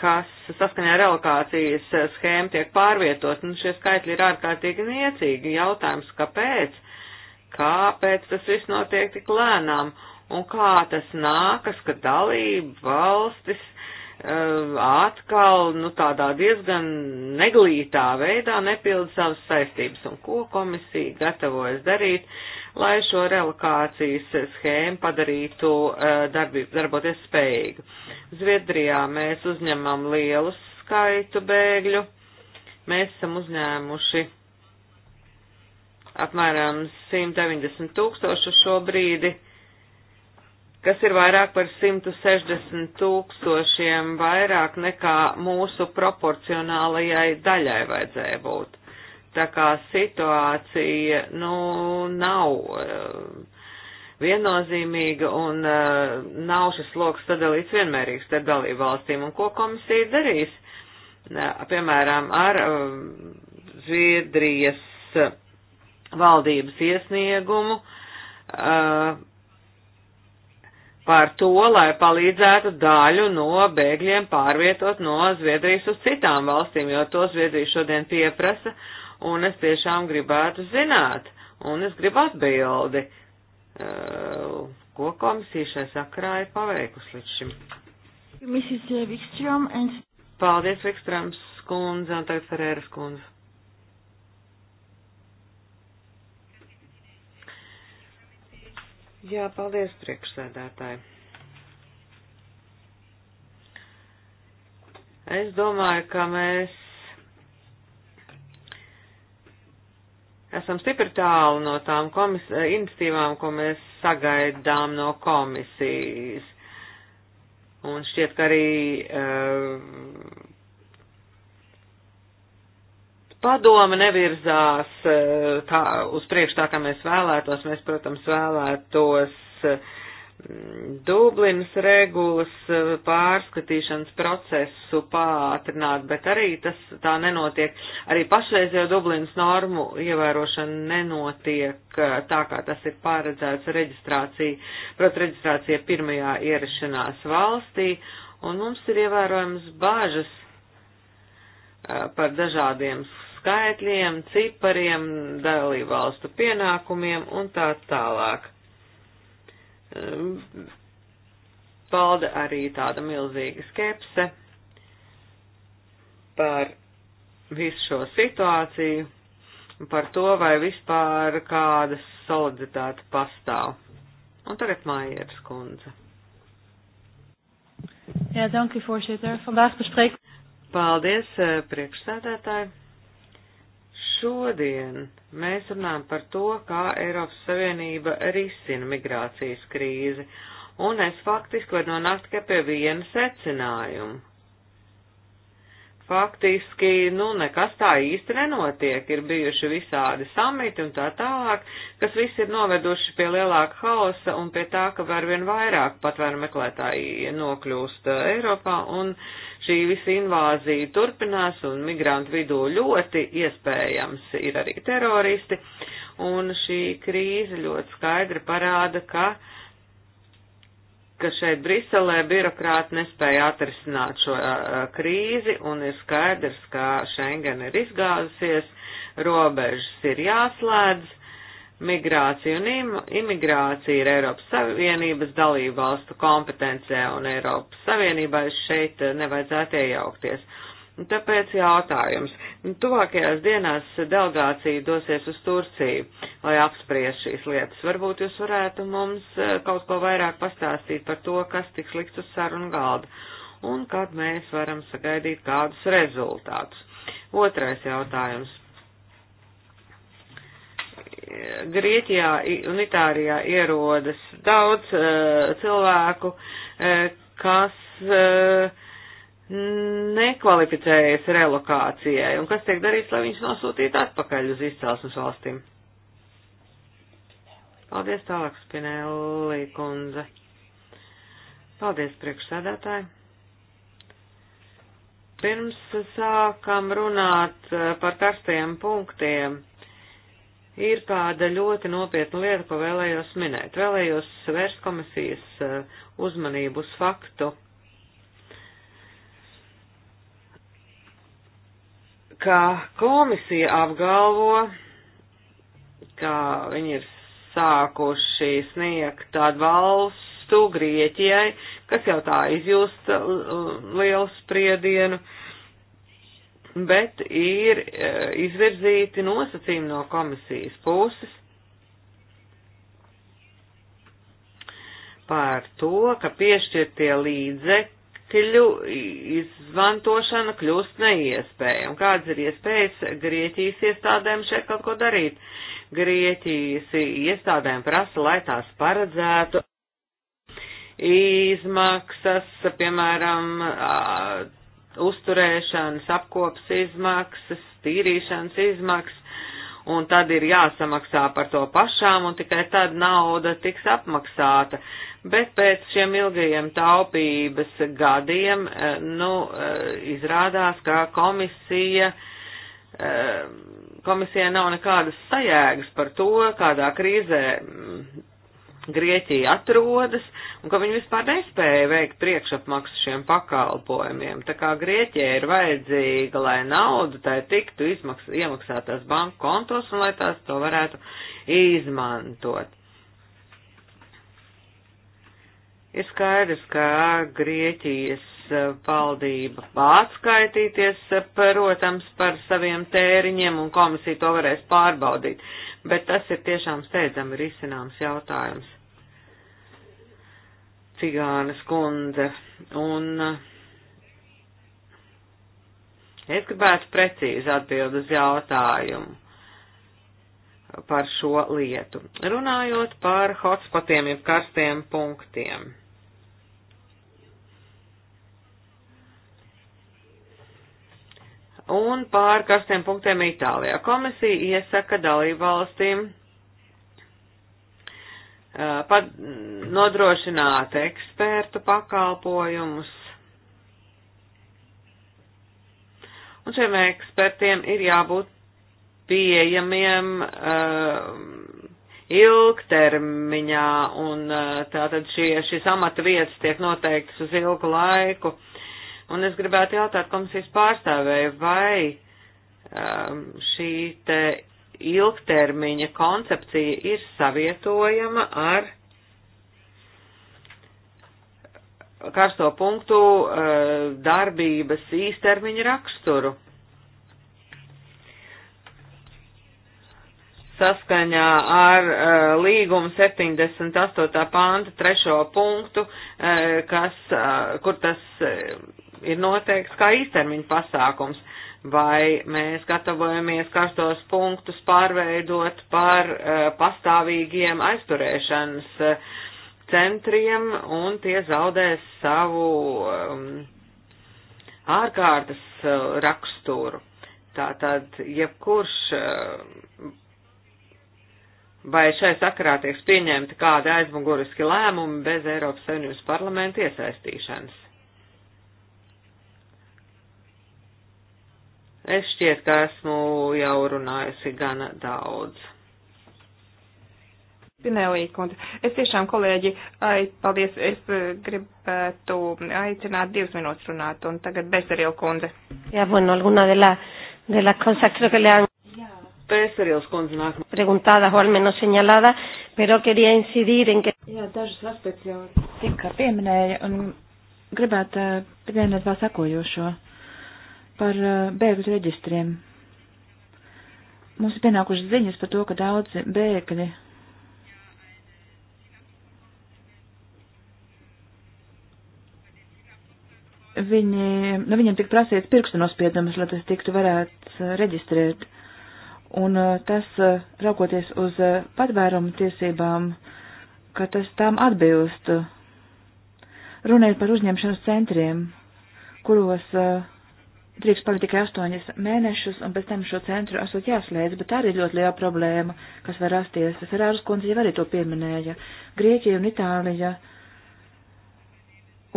kas saskaņā ar relokācijas schēmu tiek pārvietot, nu šie skaitļi ir ārkārtīgi niecīgi. Jautājums, kāpēc? Kāpēc tas viss notiek tik lēnām? Un kā tas nākas, ka dalība valstis uh, Eh, atkal, nu, tādā diezgan neglītā veidā nepilda savas saistības un ko komisija gatavojas darīt, lai šo relokācijas schēmu padarītu eh, darbi, darboties spējīgu. Zviedrijā mēs uzņemam lielu skaitu bēgļu. Mēs esam uzņēmuši apmēram 190 tūkstošu šobrīd kas ir vairāk par 160 tūkstošiem vairāk nekā mūsu proporcionālajai daļai vajadzēja būt. Tā kā situācija, nu, nav uh, viennozīmīga un uh, nav šis loks sadalīts vienmērīgs starp dalību valstīm. Un ko komisija darīs? Uh, piemēram, ar eh, Zviedrijas valdības iesniegumu par to, lai palīdzētu daļu no bēgļiem pārvietot no Zviedrijas uz citām valstīm, jo to Zviedrija šodien pieprasa, un es tiešām gribētu zināt, un es gribu atbildi, eh, ko komisija šai sakrā ir paveikusi līdz šim. Mrs. Vikstrom eh, and... Paldies, Vikstrams kundze, un tagad Ferēras kundze. Jā, paldies priekšsēdētāji. Es domāju, ka mēs esam stipri tālu no tām komis, iniciatīvām, ko mēs sagaidām no komisijas. Un šķiet, ka arī uh, padoma nevirzās eh, tā, uz priekšu tā, kā mēs vēlētos. Mēs, protams, vēlētos mm, Dublinas regulas eh, pārskatīšanas procesu pātrināt, bet arī tas tā nenotiek. Arī pašreizējo Dublinas normu ievērošana nenotiek eh, tā, kā tas ir paredzēts reģistrācija, proti reģistrācija pirmajā ierašanās valstī, un mums ir ievērojams bāžas par dažādiem skaitļiem, cipariem, dalībvalstu pienākumiem un tā tālāk. Palda ehm, arī tāda milzīga skepse par visu šo situāciju, par to, vai vispār kādas solidaritāte pastāv. Un tagad Mājieras kundze. Jā, danki, voorzitter. Vandaag bespreek. Paldies, eh, priekšsēdētāji. Šodien mēs runājam par to, kā Eiropas Savienība risina migrācijas krīzi, un es faktiski varu nonākt tikai pie viena secinājuma faktiski, nu, nekas tā īsti nenotiek. Ir bijuši visādi samiti un tā tālāk, kas viss ir noveduši pie lielāka hausa un pie tā, ka var vien vairāk patvēru meklētāji nokļūst uh, Eiropā un šī visa invāzija turpinās un migrantu vidū ļoti iespējams ir arī teroristi. Un šī krīze ļoti skaidri parāda, ka uh, ka šeit Briselē birokrāti nespēja atrisināt šo uh, krīzi un ir skaidrs, ka Schengen ir izgāzusies, robežas ir jāslēdz, migrācija un im imigrācija ir Eiropas Savienības dalību valstu kompetencē un Eiropas Savienībai šeit nevajadzētu iejaukties. Uh, Un tāpēc jautājums. Tuvākajās dienās delegācija dosies uz Turciju, lai apspriež šīs lietas. Varbūt jūs varētu mums eh, kaut ko vairāk pastāstīt par to, kas tiks likt uz sarunu galda un kad mēs varam sagaidīt kādus rezultātus. Otrais jautājums. Grieķijā un Itālijā ierodas daudz uh, cilvēku, uh, kas uh, nekvalificējies relokācijai, un kas tiek darīts, lai viņš nosūtītu atpakaļ uz izcelsmes valstīm? Paldies tālāk, Spinelli kundze. Paldies, priekšsēdētāji. Pirms sākam runāt eh, par karstajiem punktiem, ir kāda ļoti nopietna lieta, ko vēlējos minēt. Vēlējos vērst komisijas eh, uzmanību uz faktu, ka komisija apgalvo, ka viņi ir sākuši sniegt atbalstu Grieķijai, kas jau tā izjūst uh, lielu spriedienu, bet ir uh, izvirzīti nosacījumi no komisijas puses par to, ka piešķirtie līdzekļi piļu izmantošana kļūst neiespējama. Kādas ir iespējas Grieķijas iestādēm šeit kaut ko darīt? Grieķijas iestādēm prasa, lai tās paredzētu izmaksas, piemēram, uzturēšanas, apkops izmaksas, tīrīšanas izmaksas, un tad ir jāsamaksā par to pašām, un tikai tad nauda tiks apmaksāta. Uh, bet pēc šiem ilgajiem taupības gadiem, e, nu, e, izrādās, ka komisija, e, komisija nav nekādas sajēgas par to, kādā krīzē mm, Grieķija atrodas, un ka viņi vispār nespēja veikt priekšapmaksu šiem pakalpojumiem. Tā kā Grieķija ir vajadzīga, lai naudu tai tiktu izmaks, iemaksātās banku kontos un lai tās to varētu izmantot. Ir skaidrs, ka Grieķijas valdība atskaitīties, protams, par saviem tēriņiem, un komisija to varēs pārbaudīt, bet tas ir tiešām steidzami risināms jautājums. Cigānas kundze, un uh, es gribētu precīzi atbild uz jautājumu par šo lietu. Runājot par hotspotiem, jeb karstiem punktiem un pār karstiem punktiem Itālijā. Komisija iesaka dalībvalstīm pat nodrošināt ekspertu pakalpojumus. Un šiem ekspertiem ir jābūt pieejamiem uh, ilgtermiņā, un uh, tātad šie, šīs amata vietas tiek noteiktas uz ilgu laiku. Uh, Un es gribētu jautāt komisijas pārstāvēju, vai um, šī te ilgtermiņa koncepcija ir savietojama ar karsto punktu uh, darbības īstermiņa raksturu. saskaņā ar uh, līgumu 78. pānta trešo punktu, uh, kas, uh, kur tas uh, ir noteikts kā īstermiņa pasākums, vai mēs gatavojamies karstos punktus pārveidot par uh, pastāvīgiem aizturēšanas uh, centriem, un tie zaudēs savu um, ārkārtas uh, raksturu. Tātad, jebkurš vai šai sakarā tiek pieņemti kādi aizmuguriski lēmumi bez Eiropas Savienības parlamenta iesaistīšanas. Es šķiet, ka esmu jau runājusi gana daudz. Pinelī, kundze. Es tiešām, kolēģi, ai, paldies, es eh, gribētu aicināt divas minūtes runāt, un tagad Besarīla kundze. Jā, bueno, alguna de la, de la cosa, creo que le han... Besarīls kundze nāk. Preguntada, o al menos señalada, pero quería incidir en que... Jā, dažus aspektus jau tika pieminēja, un gribētu eh, pieminēt vēl sakojošo par eh, bēgļu reģistriem. Mums ir pienākušas ziņas par to, ka daudzi bēgļi viņi, nu, viņiem tika prasīts pirkstu nospiedumus, lai tas tiktu varēts eh, reģistrēt. Un eh, tas, raugoties uz patvērumu tiesībām, ka tas tām atbilst. Runājot par uzņemšanas centriem, kuros uh, drīkst palikt tikai astoņas mēnešus, un pēc tam šo centru esot jāslēdz, bet tā arī ļoti liela problēma, kas var rasties. Ferāras kundze jau arī to pieminēja. Grieķija un Itālija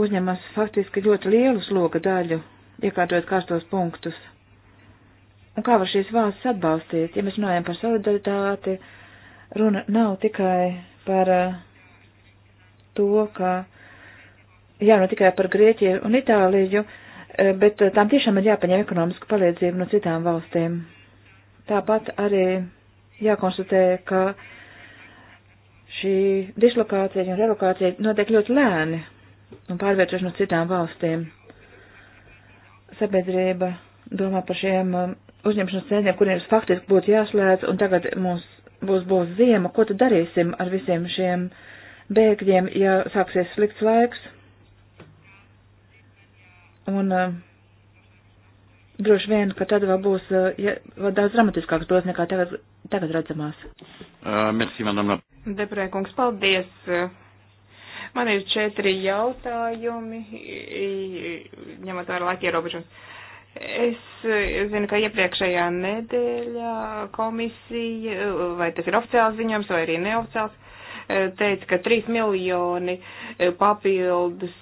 uzņemas faktiski ļoti lielu sloga daļu, iekārtojot kārstos punktus. Un kā var šīs valsts atbalstīt? Ja mēs runājam par solidaritāti, runa nav tikai par eh, to, ka jārunā tikai par Grieķiju un Itāliju, Eh, bet eh, tām tiešām ir jāpaņem ekonomiska palīdzība no citām valstīm. Tāpat arī jākonstatē, ka šī dislokācija un relokācija notiek ļoti lēni un pārvietošana no citām valstīm. Sabiedrība domā par šiem eh, uzņemšanas centriem, kuriem faktiski būtu jāslēdz, un tagad mums būs, būs ziema, ko tad darīsim ar visiem šiem bēgļiem, ja sāksies slikts laiks. Un uh, droši vien, ka tad vēl būs uh, ja, vēl daudz dramatiskāks dos nekā tagad, tagad redzamās. Uh, merci, madame. Deprē, kungs, paldies. Man ir četri jautājumi, ņemot vērā laika ierobežojums. Es zinu, ka iepriekšējā nedēļā komisija, vai tas ir oficiāls ziņojums vai arī neoficiāls, teica, ka 3 miljoni papildus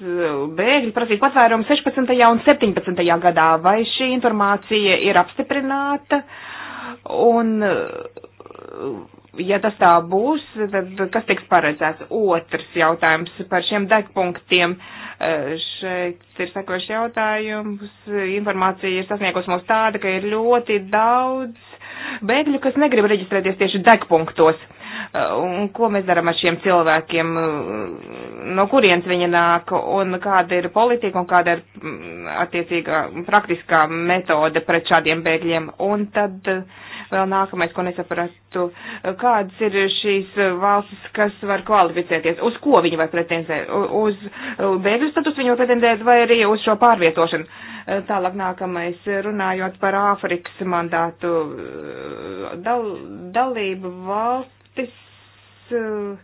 bēgļu prasību patvērumu 16. un 17. gadā. Vai šī informācija ir apstiprināta? Un, eh, ja tas tā būs, tad kas tiks paredzēts? Otrs jautājums par šiem degpunktiem. Eh, šeit ir sekoši jautājums. Informācija ir sasniegusi mums tāda, ka ir ļoti daudz bēgļu, kas negrib reģistrēties tieši degpunktos Eh, un ko mēs darām ar šiem cilvēkiem, eh, no kurienes viņi nāk, un kāda ir politika, un kāda ir mm, attiecīgā praktiskā metode pret šādiem bēgļiem. Un tad eh, vēl nākamais, ko nesaprastu, kādas ir šīs valstis, kas var kvalificēties, uz ko viņi var pretendēt, uz bēgļu status viņi var pretendēt, vai arī uz šo pārvietošanu. Tālāk nākamais, runājot par Āfrikas mandātu dal, dalību valsts valstis uh,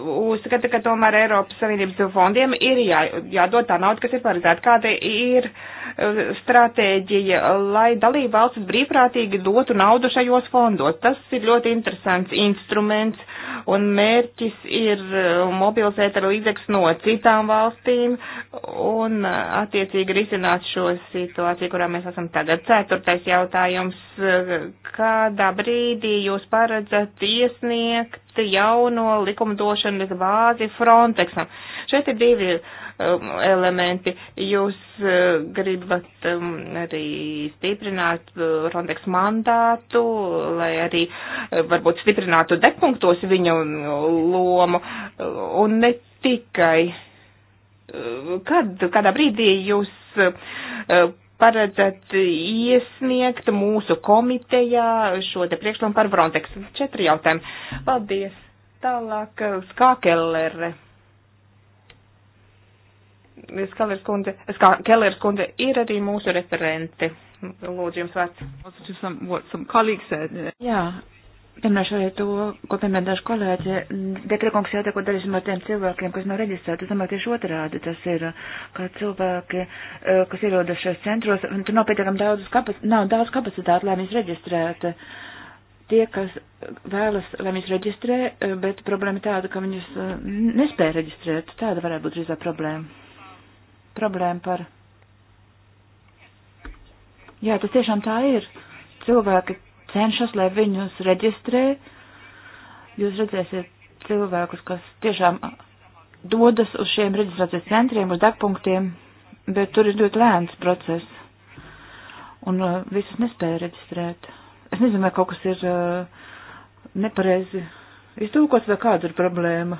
uzskata, ka tomēr Eiropas Savienības fondiem ir jā, jādod tā nauda, kas ir paredzēta. Kāda ir uh, stratēģija, lai dalība valsts brīvprātīgi dotu naudu šajos fondos? Tas ir ļoti interesants instruments, un mērķis ir uh, mobilizēt ar līdzekļus no citām valstīm un uh, attiecīgi risināt šo situāciju, kurā mēs esam tagad. Ceturtais jautājums. Kādā brīdī jūs paredzat iesniegt jauno likumdošanas vāzi Frontexam. Šeit ir divi um, elementi. Jūs uh, gribat um, arī stiprināt uh, Frontex mandātu, lai arī uh, varbūt stiprinātu depunktos viņa uh, lomu uh, un ne tikai. Uh, kad, kādā brīdī jūs uh, paredzat iesniegt mūsu komitejā šo te priekšlikumu par Frontex? Četri jautājumi. Paldies. Tālāk uh, Skakelere. Skalers kundze, Ska, Kellers kundze ir arī mūsu referente. Lūdzu, jums vārds. Uh, Jā, Runāšu arī to, ko piemēra daži kolēģi. Dekrekungs jautā, ko darīsim ar tiem cilvēkiem, kas nav reģistrēti. Es domāju, tieši otrādi tas ir, kā cilvēki, kas ierodas šajos centros, tur nav pietiekami daudz, kapac nav daudz kapacitāti, lai viņus reģistrētu. Tie, kas vēlas, lai viņus reģistrē, bet problēma tāda, ka viņus eh, nespēja reģistrēt. Tāda varētu būt drīzāk problēma. Problēma par. Jā, tas tiešām tā ir. Cilvēki, cenšas, lai viņus reģistrē. Jūs redzēsiet cilvēkus, kas tiešām dodas uz šiem reģistrācijas centriem, uz degpunktiem, bet tur ir ļoti lēns process. Un uh, visus nespēja reģistrēt. Es nezinu, vai kaut kas ir uh, nepareizi iztūkots, vai kāda ir problēma.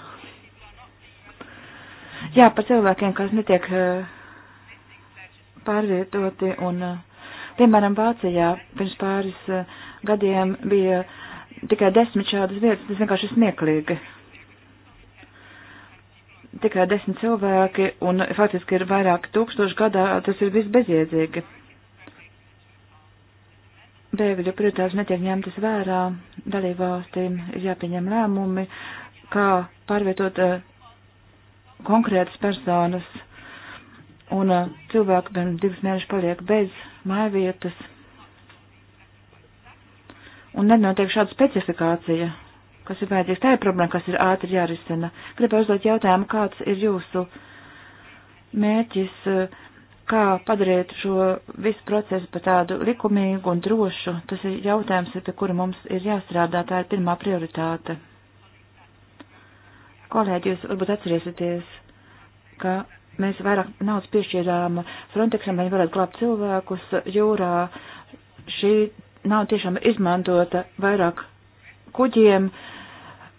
Jā, par cilvēkiem, kas netiek uh, pārvietoti un, uh, piemēram, Vācijā pirms pāris uh, gadiem bija tikai desmit šādas vietas, tas vienkārši ir smieklīgi. Tikai desmit cilvēki un faktiski ir vairāk tūkstoši gadā, tas ir viss bezjēdzīgi. Bēgļu prioritātes netiek ņemtas vērā, dalībvalstīm ir jāpieņem lēmumi, kā pārvietot uh, konkrētas personas, un uh, cilvēki pirms divus mēnešus paliek bez mājvietas un nenotiek šāda specifikācija, kas ir vajadzīga. Tā ir problēma, kas ir ātri jārisina. Gribēju uzdot jautājumu, kāds ir jūsu mērķis, kā padarīt šo visu procesu par tādu likumīgu un drošu. Tas ir jautājums, pie kura mums ir jāstrādā. Tā ir pirmā prioritāte. Kolēģi, jūs varbūt atcerēsieties, ka mēs vairāk naudas piešķīrām Frontexam, lai viņi varētu glābt cilvēkus jūrā. Šī nav tiešām izmantota vairāk kuģiem,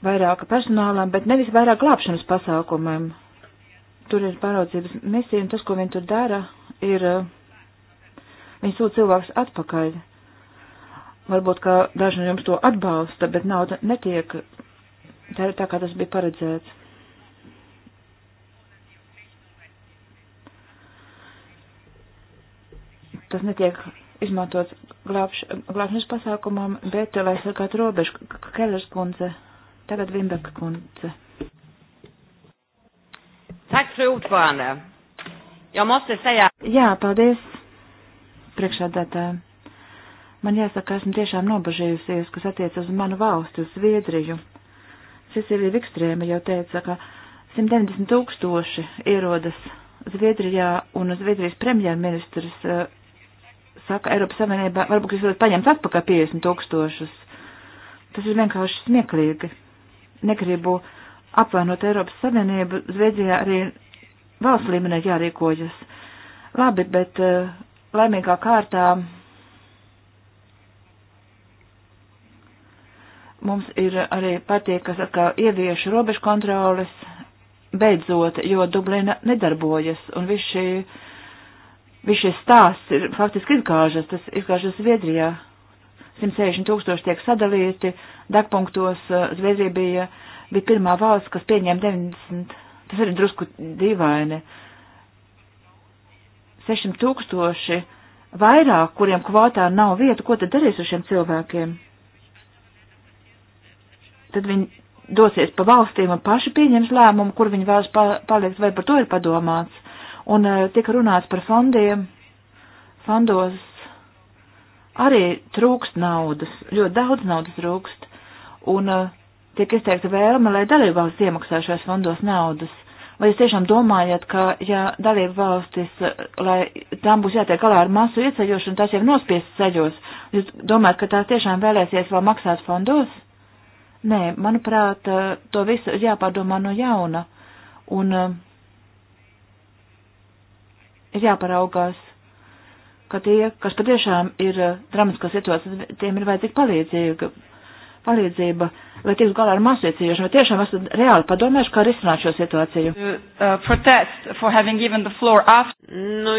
vairāk personālam, bet nevis vairāk glābšanas pasākumiem. Tur ir pāraudzības misija, un tas, ko viņi tur dara, ir, eh, viņi sūta cilvēks atpakaļ. Varbūt, ka daži no jums to atbalsta, bet nauda netiek tā, tā kā tas bija paredzēts. Tas netiek izmantots glābš, glābšanas pasākumam, bet, lai sargātu robežu, Kellers kundze, tagad Vimbeka kundze. Tack fru ordförande. Jag måste säga. Jā, paldies, priekšādātāji. Man jāsaka, esmu tiešām nobažījusies, kas attiec uz manu valsti, uz Zviedriju. Cecilija Vikstrēma jau teica, ka 190 tūkstoši ierodas Zviedrijā un Zviedrijas premjerministrs eh, saka Eiropas Savienībā, varbūt jūs varat paņemt atpakaļ 50 tūkstošus. Tas ir vienkārši smieklīgi. Negribu apvainot Eiropas Savienību, Zviedrijā arī valsts līmenī jārīkojas. Labi, bet uh, laimīgā kārtā mums ir arī patie, kas atkal ievieš robežu kontroles beidzot, jo Dublina nedarbojas un viss šī. Uh, Viss šis stāsts ir faktiski izgāžas, tas izgāžas Zviedrijā. 160 tūkstoši tiek sadalīti, degpunktos eh, Zviedrija bija, bija pirmā valsts, kas pieņēma 90, tas arī drusku dīvaini. 600 tūkstoši vairāk, kuriem kvotā nav vietu, ko tad darīs ar šiem cilvēkiem? Tad viņi dosies pa valstīm un paši pieņems lēmumu, kur viņi vēlas palikt, vai par to ir padomāts. Un eh, tika runāts par fondiem. Fondos arī trūkst naudas, ļoti daudz naudas trūkst. Un eh, tiek izteikta vēlme, lai dalību valsts iemaksā šajos fondos naudas. Vai jūs tiešām domājat, ka, ja dalību valstis, eh, lai tām būs jātiek galā ar masu ieceļošanu, tās jau nospiestas ceļos, jūs domājat, ka tās tiešām vēlēsies vēl maksāt fondos? Nē, manuprāt, to visu jāpārdomā no jauna. Un uh, ir jāparaugās, ka tie, kas patiešām ir eh, dramatiskā situācija, tiem ir vajadzīga palīdzība, palīdzība lai tiktu galā ar masveicījušanu. Vai tiešām esat reāli padomājuši, kā risināt šo situāciju? Uh, uh, nu,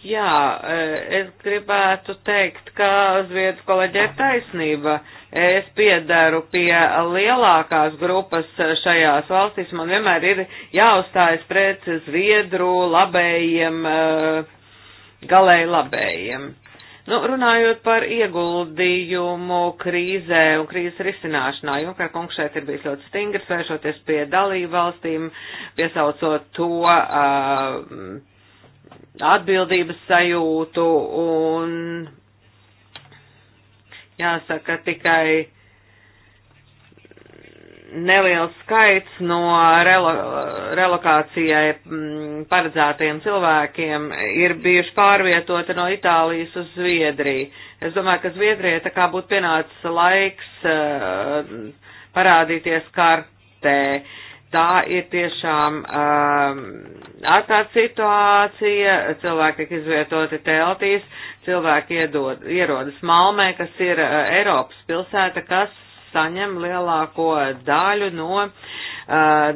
Jā, e, es gribētu teikt, ka Zviedru kolēģi ir taisnība. Es piedaru pie lielākās grupas šajās valstīs. Man vienmēr ir jāuzstājas pret Zviedru labējiem, e, galēji labējiem. Nu, runājot par ieguldījumu krīzē un krīzes risināšanā, Junker kungs šeit ir bijis ļoti stingrs, vēršoties pie dalību valstīm, piesaucot to. Uh, atbildības sajūtu un jāsaka tikai neliels skaits no relo, relokācijai mm, paredzētajiem cilvēkiem ir bijuši pārvietoti no Itālijas uz Zviedriju. Es domāju, ka Zviedrijai tā kā būtu pienācis laiks uh, parādīties kartē. Uh, tā ir tiešām um, ārkārtas situācija, cilvēki tiek izvietoti teltīs, cilvēki iedod, ierodas Malmē, kas ir uh, Eiropas pilsēta, kas saņem lielāko daļu no uh,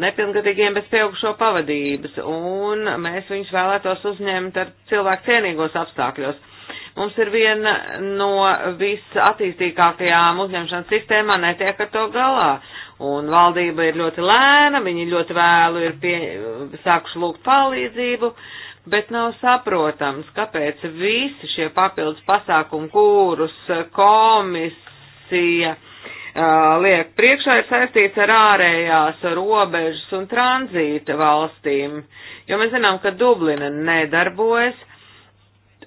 nepilngadīgiem bezpieaugušo pavadības, un mēs viņus vēlētos uzņemt ar cilvēku cienīgos apstākļos. Mums ir viena no visattīstīgākajām uzņemšanas sistēmām, netiek ar to galā. Uh, un valdība ir ļoti lēna, viņi ļoti vēlu ir pie, sākuši lūgt palīdzību, bet nav saprotams, kāpēc visi šie papildus pasākumi, kurus komisija uh, liek priekšā, ir saistīts ar ārējās robežas un tranzīta valstīm, jo mēs zinām, ka Dublina nedarbojas,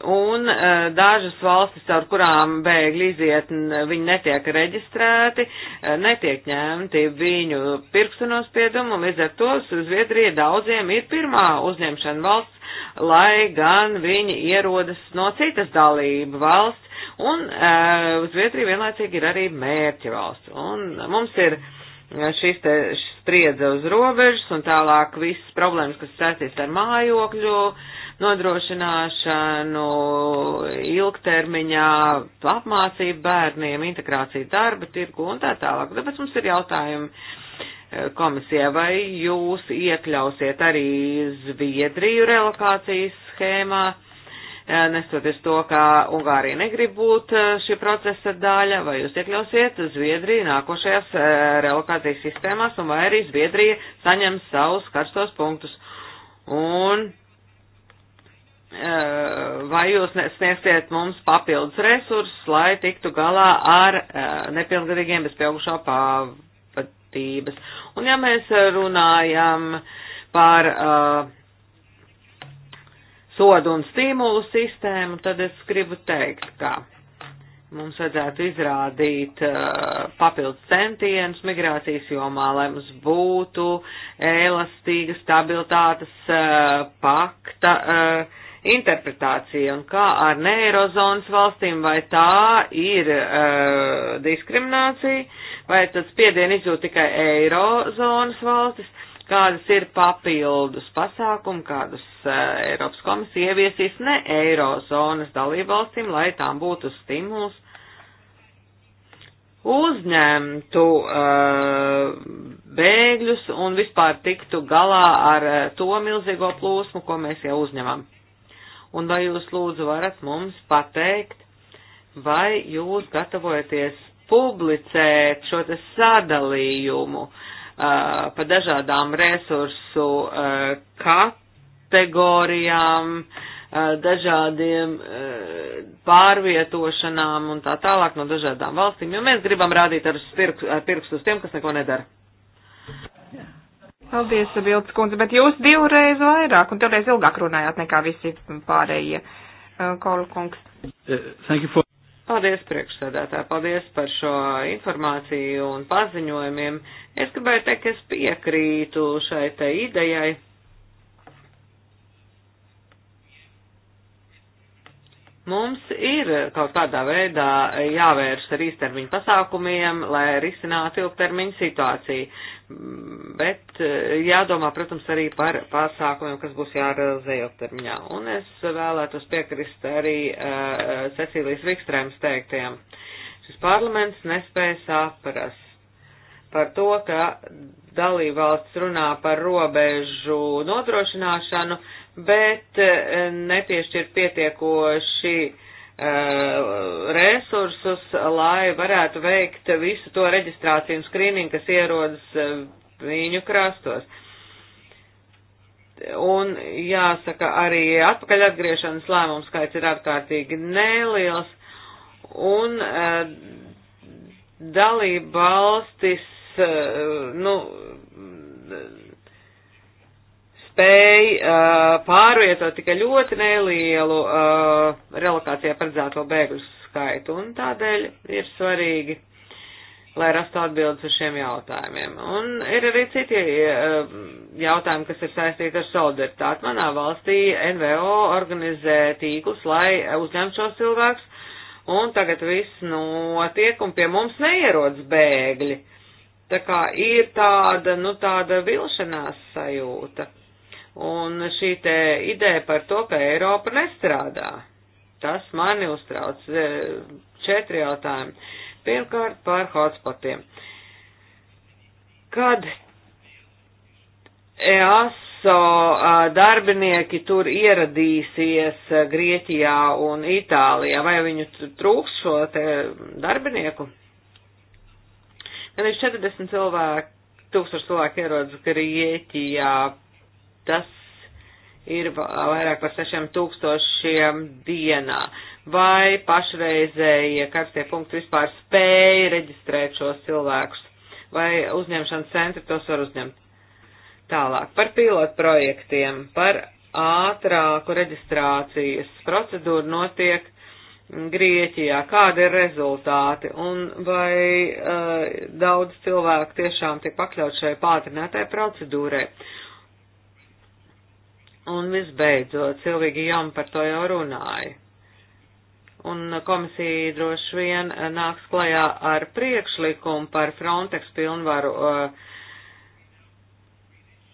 Un uh, dažas valstis, ar kurām bēgļi iziet, viņi netiek reģistrēti, uh, netiek ņemti viņu pirkstu nospiedumi, un līdz ar to uz Zviedriju daudziem ir pirmā uzņemšana valsts, lai gan viņi ierodas no citas dalība valsts, un uh, Zviedrija vienlaicīgi ir arī mērķa valsts. Un mums ir šis te spriedze uz robežas, un tālāk visas problēmas, kas saistīts ar mājokļu, uh, nodrošināšanu ilgtermiņā, apmācību bērniem, integrāciju darba tirgu un tā tālāk. Tāpēc mums ir jautājumi e, komisijai, vai jūs iekļausiet arī Zviedriju relokācijas schēmā? E, nestoties to, ka Ungārija negrib būt e, šī procesa daļa, vai jūs iekļausiet Zviedriju nākošajās relokācijas sistēmās, un vai arī Zviedrija saņems savus karstos punktus. Un Eh, vai jūs sniegsiet mums papildus resursus, lai tiktu galā ar eh, nepilngadīgiem bez pieaugušā pavadības. Un ja mēs runājam par uh, sodu un stimulu sistēmu, tad es gribu teikt, ka mums vajadzētu izrādīt uh, papildus centienus migrācijas jomā, lai mums būtu elastīga stabilitātes uh, pakta. Uh, interpretācija un kā ar neirozonas valstīm, vai tā ir uh, diskriminācija, vai tad spiedienu izjūt tikai eirozonas valstis, kādas ir papildus pasākumi, kādus uh, Eiropas komisija ieviesīs ne eirozonas dalībvalstīm, lai tām būtu stimuls uzņemtu uh, bēgļus un vispār tiktu galā ar uh, to milzīgo plūsmu, ko mēs jau uzņemam un vai jūs lūdzu varat mums pateikt, vai jūs gatavojaties publicēt šo te sadalījumu uh, pa dažādām resursu uh, kategorijām, uh, dažādiem uh, pārvietošanām un tā tālāk no dažādām valstīm, jo mēs gribam rādīt ar, spirk, ar pirkstu uz tiem, kas neko nedara. Paldies, Bildes kundze, bet jūs divreiz vairāk un divreiz ilgāk runājāt nekā visi pārējie. Uh, Kolkungs. Eh, for... Paldies, priekšsēdētāji, paldies par šo informāciju un paziņojumiem. Es gribēju teikt, ka es piekrītu šai te idejai Mums ir kaut kādā veidā jāvērš ar īstermiņu pasākumiem, lai risinātu ilgtermiņu situāciju, mm, bet eh, jādomā, protams, arī par pasākumiem, kas būs jārealizē ilgtermiņā. Un es vēlētos piekrist arī uh, Cecīlijas Vikstrēmas teiktajam. Šis parlaments nespēja saprast par to, ka dalībvalsts runā par robežu nodrošināšanu, bet eh, nepiešķir pietiekoši uh, resursus, lai varētu veikt visu to reģistrāciju un skrīningu, kas ierodas uh, viņu krastos. Un jāsaka, arī atpakaļ atgriešanas lēmums skaits ir ārkārtīgi neliels, un uh, dalība valstis, nu, spēj uh, pārvietot tikai ļoti nelielu uh, relokācijā paredzēto bēgļu skaitu, un tādēļ ir svarīgi, lai rastu atbildes uz šiem jautājumiem. Un ir arī citi uh, jautājumi, kas ir saistīti ar solidaritāti. Manā valstī NVO organizē tīklus, lai uzņemtu šos cilvēkus, un tagad viss notiek, un pie mums neierodas bēgļi. Tā kā ir tāda, nu, tāda vilšanās sajūta. Un šī te ideja par to, ka Eiropa nestrādā, tas mani uztrauc. Četri jautājumi. Pirmkārt par hotspotiem. Kad EASO darbinieki tur ieradīsies Grieķijā un Itālijā, vai viņu trūks šo te darbinieku? Gan ir 40 cilvēku, tūkstoši cilvēku ierodas Grieķijā tas ir vairāk par 6000 dienā. Vai pašreizējie karstie punkti vispār spēja reģistrēt šos cilvēkus, vai uzņemšanas centri tos var uzņemt? Tālāk par pilotu projektiem, par ātrāku reģistrācijas procedūru notiek Grieķijā, kādi ir rezultāti un vai uh, daudz cilvēku tiešām tiek pakļaut šai pātrinātai procedūrai. Uh, Un visbeidzot, Silvīgi Jom par to jau runāja. Un komisija droši vien nāks klajā ar priekšlikumu par Frontex pilnvaru uh,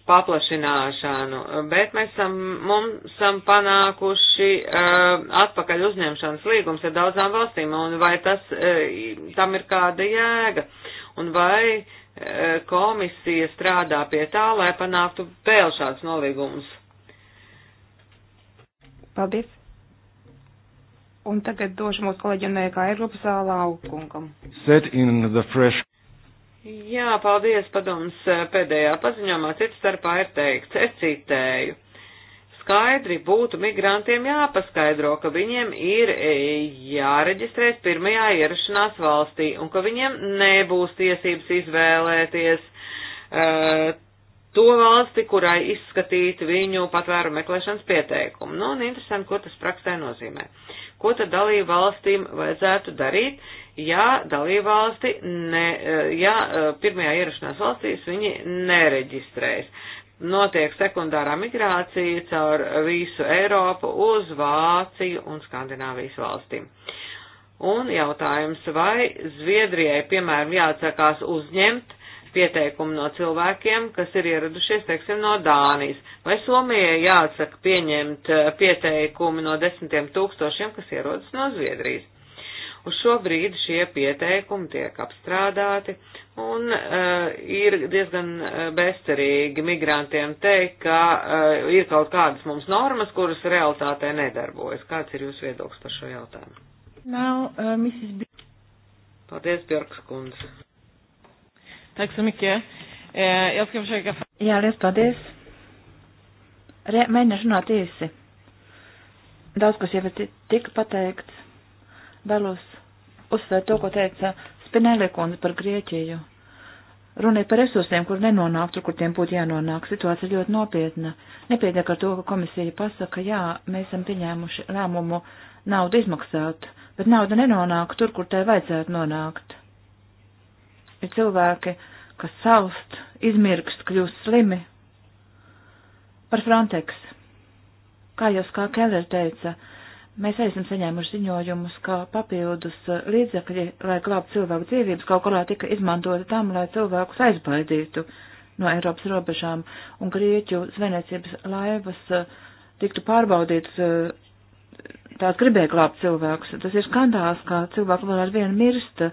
paplašināšanu, bet mēs esam, mums esam panākuši uh, atpakaļ uzņemšanas līgums ar daudzām valstīm, un vai tas, uh, tam ir kāda jēga, un vai uh, komisija strādā pie tā, lai panāktu vēl šāds nolīgums. Paldies. Un tagad došu mūsu kolēģiem kā Eiropas zālā augungam. Set in the fresh. Jā, paldies, padoms e, pēdējā paziņojumā cits starpā ir teikts, es citēju. Skaidri būtu migrantiem jāpaskaidro, ka viņiem ir e, jāreģistrēs pirmajā ierašanās valstī un ka viņiem nebūs tiesības izvēlēties uh, to valsti, kurai izskatīt viņu patvēru meklēšanas pieteikumu. Nu, un interesanti, ko tas praksē nozīmē. Ko tad dalību valstīm vajadzētu darīt, ja dalību valsti, ne, eh, ja eh, pirmajā ierašanās valstīs viņi nereģistrējas? Notiek sekundārā migrācija caur visu Eiropu uz Vāciju un Skandināvijas valstīm. Un jautājums, vai Zviedrijai, piemēram, jāatsakās uzņemt pieteikumu no cilvēkiem, kas ir ieradušies, teiksim, no Dānijas. Vai Somijai jāatsaka pieņemt eh, pieteikumu no desmitiem tūkstošiem, kas ierodas no Zviedrijas? Uz šo brīdi šie pieteikumi tiek apstrādāti un uh, ir diezgan eh, bezcerīgi migrantiem teikt, ka uh, ir kaut kādas mums normas, kuras realitātē nedarbojas. Kāds ir jūsu viedoklis par šo jautājumu? Now, uh, Mrs. B. Paldies, Bjorks kundze. Tack så mycket. Eh, jag ska försöka... Jā, liels paldies. Re, mēģināšu runāt īsi. Daudz, kas jau ir tika pateikts, vēlos uzsvērt to, ko teica Spinelli kundze par Grieķiju. Runa ir par resursiem, kur nenonāk tur, kur tiem būtu jānonāk. Situācija ir ļoti nopietna. Nepietiek ar to, ka komisija pasaka, jā, mēs esam pieņēmuši lēmumu naudu izmaksāt, bet nauda nenonāk tur, kur tai vajadzētu nonākt. Ir cilvēki, kas saust, izmirkst, kļūst slimi. Par Frontex. Kā jau kā Keller teica, mēs arī esam saņēmuši ziņojumus, ka papildus līdzekļi, lai glābtu cilvēku dzīvības, kaut kurā tika izmantota tam, lai cilvēkus aizbaidītu no Eiropas robežām, un Grieķu zvejniecības laivas eh, tiktu pārbaudītas, eh, tās gribēja glābt cilvēkus. Tas ir skandāls, kā cilvēki vēl ar vienu mirst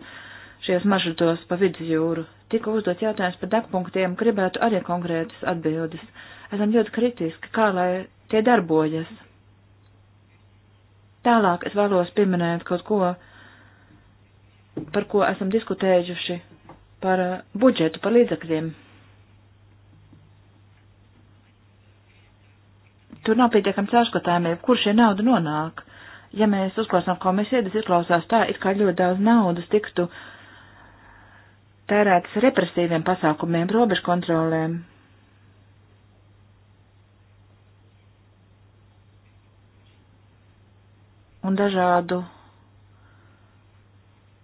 šajos maršrutos pa vidusjūru. Tika uzdot jautājums par degpunktiem, gribētu arī konkrētas atbildes. Esam ļoti kritiski, kā lai tie darbojas. Tālāk es vēlos pieminēt kaut ko, par ko esam diskutējuši, par uh, budžetu, par līdzakļiem. Tur nav pietiekams caurskatāmība, kur šie nauda nonāk ja mēs uzklausām komisiju, tas izklausās tā, it kā ļoti daudz naudas tiktu tērētas represīviem pasākumiem, robežu kontrolēm. Un dažādu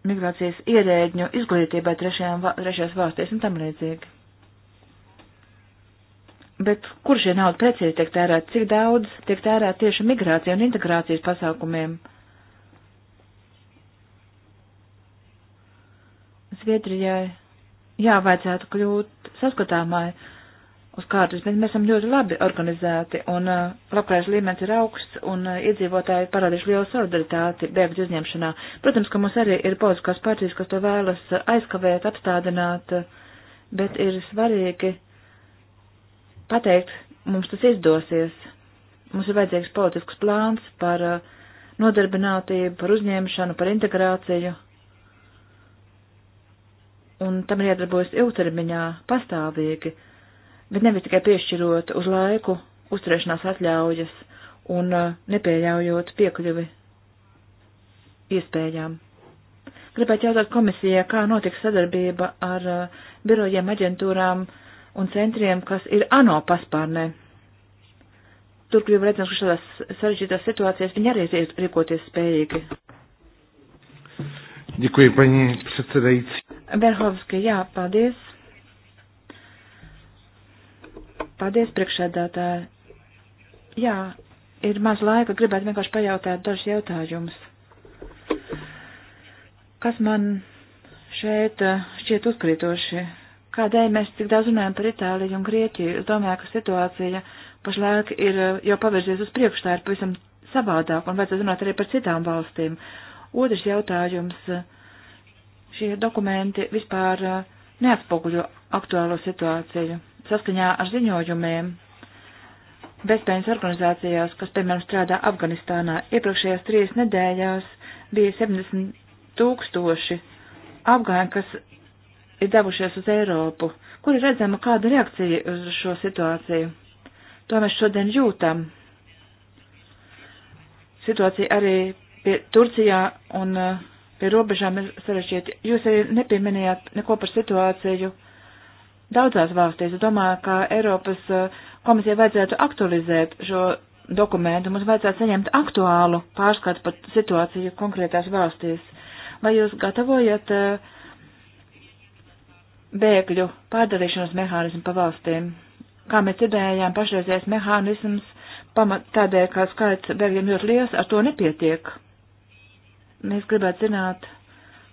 migrācijas ierēģņu izglītībai trešajās valstīs un tam līdzīgi. Bet kur šī nauda precīzi tiek tērēta, cik daudz tiek tērēta tieši migrācija un integrācijas pasākumiem? Zviedrijai jā, vajadzētu kļūt saskatāmai uz kārtas, bet mēs esam ļoti labi organizēti un uh, labklājības līmenis ir augsts un uh, iedzīvotāji parādījuši lielu solidaritāti bēgļu uzņemšanā. Protams, ka mums arī ir politiskās partijas, kas to vēlas aizkavēt, apstādināt, bet ir svarīgi pateikt, mums tas izdosies. Mums ir vajadzīgs politisks plāns par uh, nodarbinātību, par uzņemšanu, par integrāciju un tam ir jādarbojas ilgtermiņā, pastāvīgi, bet nevis tikai piešķirot uz laiku uzturēšanās atļaujas un uh, nepieļaujot piekļuvi iespējām. Gribētu jautāt komisijai, kā notiks sadarbība ar uh, birojiem, aģentūrām un centriem, kas ir ANO paspārnē. Tur kļuva redzams, ka šādās sarežģītās situācijās viņi arī rīkoties spējīgi. Děkuji, paní předsedající. Berhovska, jā, paldies. Paldies, priekšsēdētāji. Jā, ir maz laika, gribētu vienkārši pajautāt dažus jautājumus. Kas man šeit eh, šķiet uzkrītoši? Kādēļ mēs tik daudz runājam par Itāliju un Grieķiju? Es domāju, ka situācija pašlaik ir eh, jau pavērsies uz priekšu, tā ir pavisam savādāk, un vajadzētu runāt arī par citām valstīm. Otrs jautājums. Uh, Šie dokumenti vispār eh, neatspoguļo aktuālo situāciju. Saskaņā ar ziņojumiem bezpējas organizācijās, kas, piemēram, strādā Afganistānā, iepriekšējās trīs nedēļās bija 70 tūkstoši afgāņu, kas ir devušies uz Eiropu, kur ir redzama kāda reakcija uz šo situāciju. To mēs šodien jūtam. Situācija arī pie Turcijā un uh, pie robežām ir sarežģīti. Jūs arī nepieminējāt neko par situāciju daudzās valstīs. Es domāju, ka Eiropas uh, komisija vajadzētu aktualizēt šo dokumentu. Mums vajadzētu saņemt aktuālu pārskatu par situāciju konkrētās valstīs. Vai jūs gatavojat uh, bēgļu pārdalīšanas mehānismu pa valstīm? Kā mēs dzirdējām, pašreizējais mehānisms pamat tādēļ, ka skaits bēgļiem ļoti liels, ar to nepietiek Mēs gribētu zināt,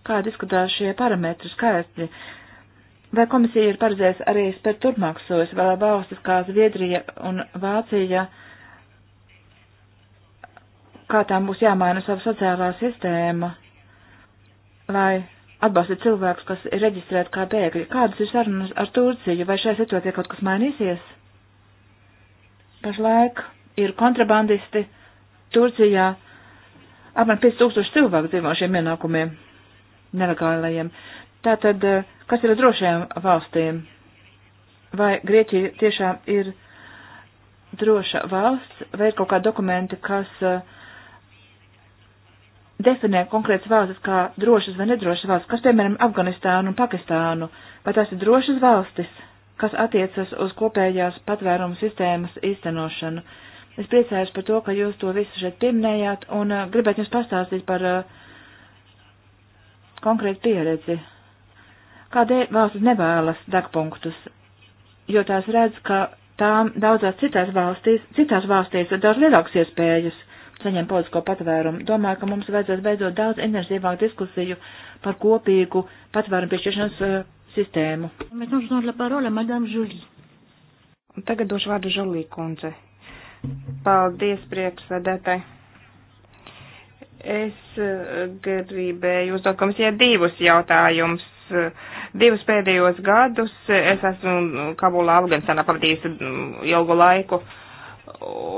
kā izskatās šie parametri skaitļi. Vai komisija ir paredzējusi arī spērt turpmāk sojas, vai valstis kā Zviedrija un Vācija, kā tām būs jāmaina savu sociālā sistēma, lai atbalstītu cilvēkus, kas ir reģistrēti kā bēgļi? Kādas ir sarunas ar Turciju, vai šajā situācijā kaut kas mainīsies? Pašlaik ir kontrabandisti Turcijā apmēram 5000 cilvēku dzīvo šiem ienākumiem nelegālajiem. Tātad, eh, kas ir drošajām valstīm? Vai Grieķija tiešām ir droša valsts, vai ir kaut kādi dokumenti, kas eh, definē konkrētas valstis kā drošas vai nedrošas valstis, kas, piemēram, Afganistānu un Pakistānu, vai tās ir drošas valstis, kas attiecas uz kopējās patvērumu sistēmas īstenošanu? Uh, Es priecājos par to, ka jūs to visu šeit pieminējāt un uh, gribētu jums pastāstīt par uh, konkrētu pieredzi. Kādēļ valstis nevēlas degpunktus? Jo tās redz, ka tām daudzās citās valstīs, citās valstīs ir daudz lielākas iespējas saņemt politisko patvērumu. Domāju, ka mums vajadzēs beidzot daudz enerģīvāku diskusiju par kopīgu patvērumu piešķiršanas uh, sistēmu. Un tagad došu vārdu Žolī kundze. Paldies, priekšsēdētāji. Es eh, gribēju uzdot komisijai divus jautājumus. Divus pēdējos gadus es esmu Kabulā, Afganistānā pavadījusi mm, ilgu laiku,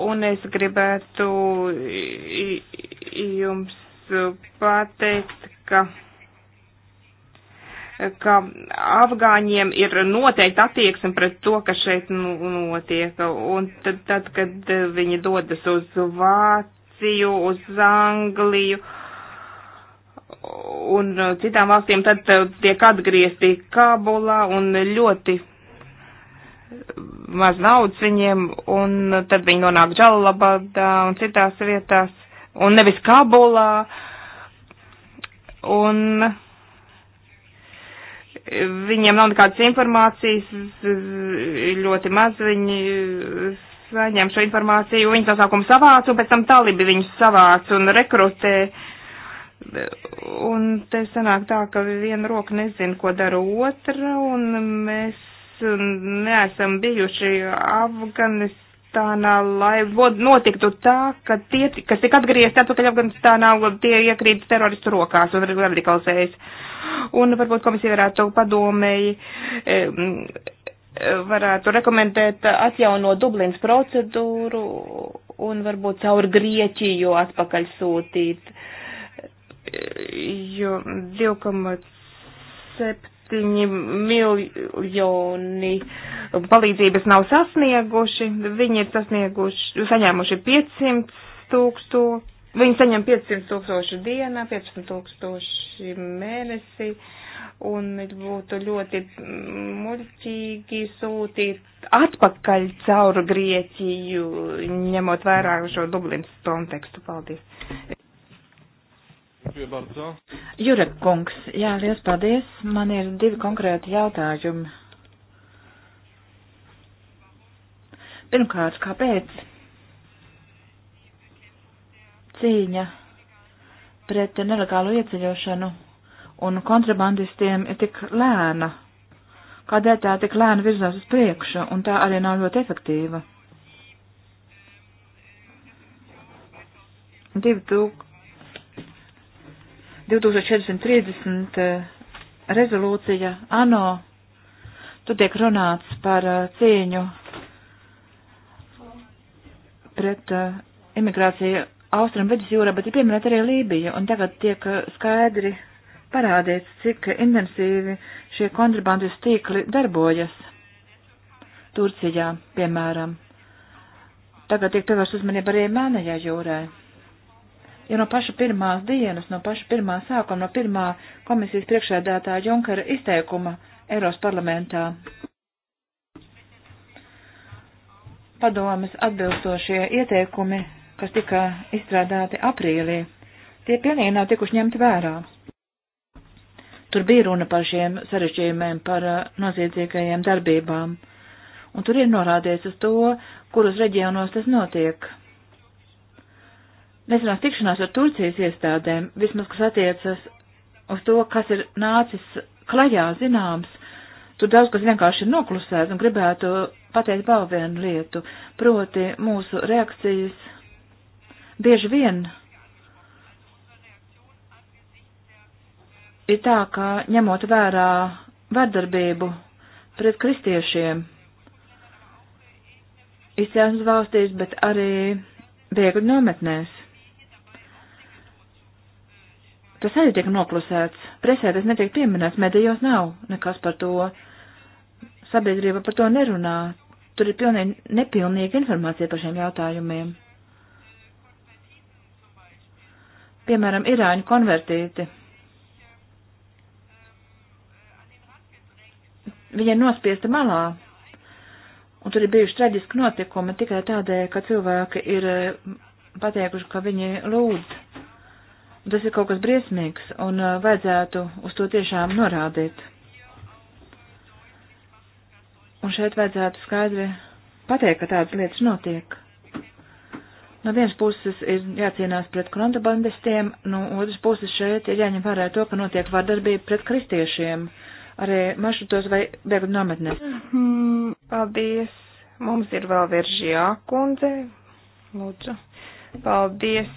un es gribētu jums pateikt, ka ka afgāņiem ir noteikti attieksme pret to, kas šeit nu, notiek. Un tad, tad kad viņi dodas uz Vāciju, uz Angliju un citām valstīm, tad tiek atgriezti Kabulā un ļoti maz naudas viņiem, un tad viņi nonāk Džalabadā un citās vietās, un nevis Kabulā. Un viņiem nav nekādas informācijas, ļoti maz viņi saņem šo informāciju, viņi tā sākumu savāca un pēc tam talibi viņus savāca un rekrutē. Un te sanāk tā, ka viena roka nezina, ko dara otra, un mēs neesam bijuši Afganistānā, lai notiktu tā, ka tie, kas tika atgriezti atpakaļ Afganistānā, tie iekrīt teroristu rokās un radikalizējas. Uh, un varbūt komisija varētu padomēji varētu rekomendēt atjaunot Dublins procedūru un varbūt caur Grieķiju atpakaļ sūtīt, jo 2,7 miljoni palīdzības nav sasnieguši, viņi ir sasnieguši, saņēmuši 500 tūkstoši Viņi saņem 500 tūkstoši dienā, 15 tūkstoši mēnesī, un būtu ļoti muļķīgi sūtīt atpakaļ caur Grieķiju, ņemot vērā šo Dublins kontekstu. Paldies. Jurek kungs, jā, liels paldies. Man ir divi konkrēti jautājumi. Pirmkārt, kāpēc? cīņa pret nelegālu ieceļošanu un kontrabandistiem ir tik lēna, kādēļ tā tik lēna virzās uz priekšu, un tā arī nav ļoti efektīva. 2430 eh, rezolūcija ANO, tu tiek runāts par eh, cīņu pret eh, imigrāciju Austrum vidusjūrā, bet ir pieminēta arī Lībija, un tagad tiek uh, skaidri parādīts, cik intensīvi šie kontrabandas tīkli darbojas Turcijā, piemēram. Tagad tiek pievērst uzmanība arī Mēnējā jūrē. Ja no paša pirmās dienas, no paša pirmā sākuma, no pirmā komisijas priekšēdētāja Junkara izteikuma Eiros parlamentā padomas atbilstošie ieteikumi kas tika izstrādāti aprīlī, tie pilnīgi nav tikuši ņemti vērā. Tur bija runa par šiem sarežģījumiem, par uh, noziedzīgajiem darbībām, un tur ir norādīts uz to, kuros reģionos tas notiek. Nesenās tikšanās ar Turcijas iestādēm, vismaz kas attiecas uz to, kas ir nācis klajā zināms, tur daudz kas vienkārši ir noklusēts un gribētu pateikt vēl vienu lietu, proti mūsu reakcijas Bieži vien ir tā, ka ņemot vērā vardarbību pret kristiešiem izcelsmes valstīs, bet arī bēgļu nometnēs. Tas arī tiek noklusēts. Presē tas netiek pieminēts, medijos nav nekas par to. Sabiedrība par to nerunā. Tur ir pilnīgi nepilnīga informācija par šiem jautājumiem. piemēram, irāņu konvertīti. Viņa nospiesta malā, un tur ir bijuši traģiski notikumi tikai tādēļ, ka cilvēki ir eh, pateikuši, ka viņi lūdz. Un tas ir kaut kas briesmīgs, un eh, vajadzētu uz to tiešām norādīt. Un šeit vajadzētu skaidri pateikt, ka tādas lietas notiek. No vienas puses ir jācīnās pret kontrabandistiem, no otras puses šeit ir jāņem vērā to, ka notiek vardarbība pret kristiešiem, arī maršrutos vai bēgļu nometnēs. Mm, paldies! Mums ir vēl viržjā kundze. Lūdzu. Paldies!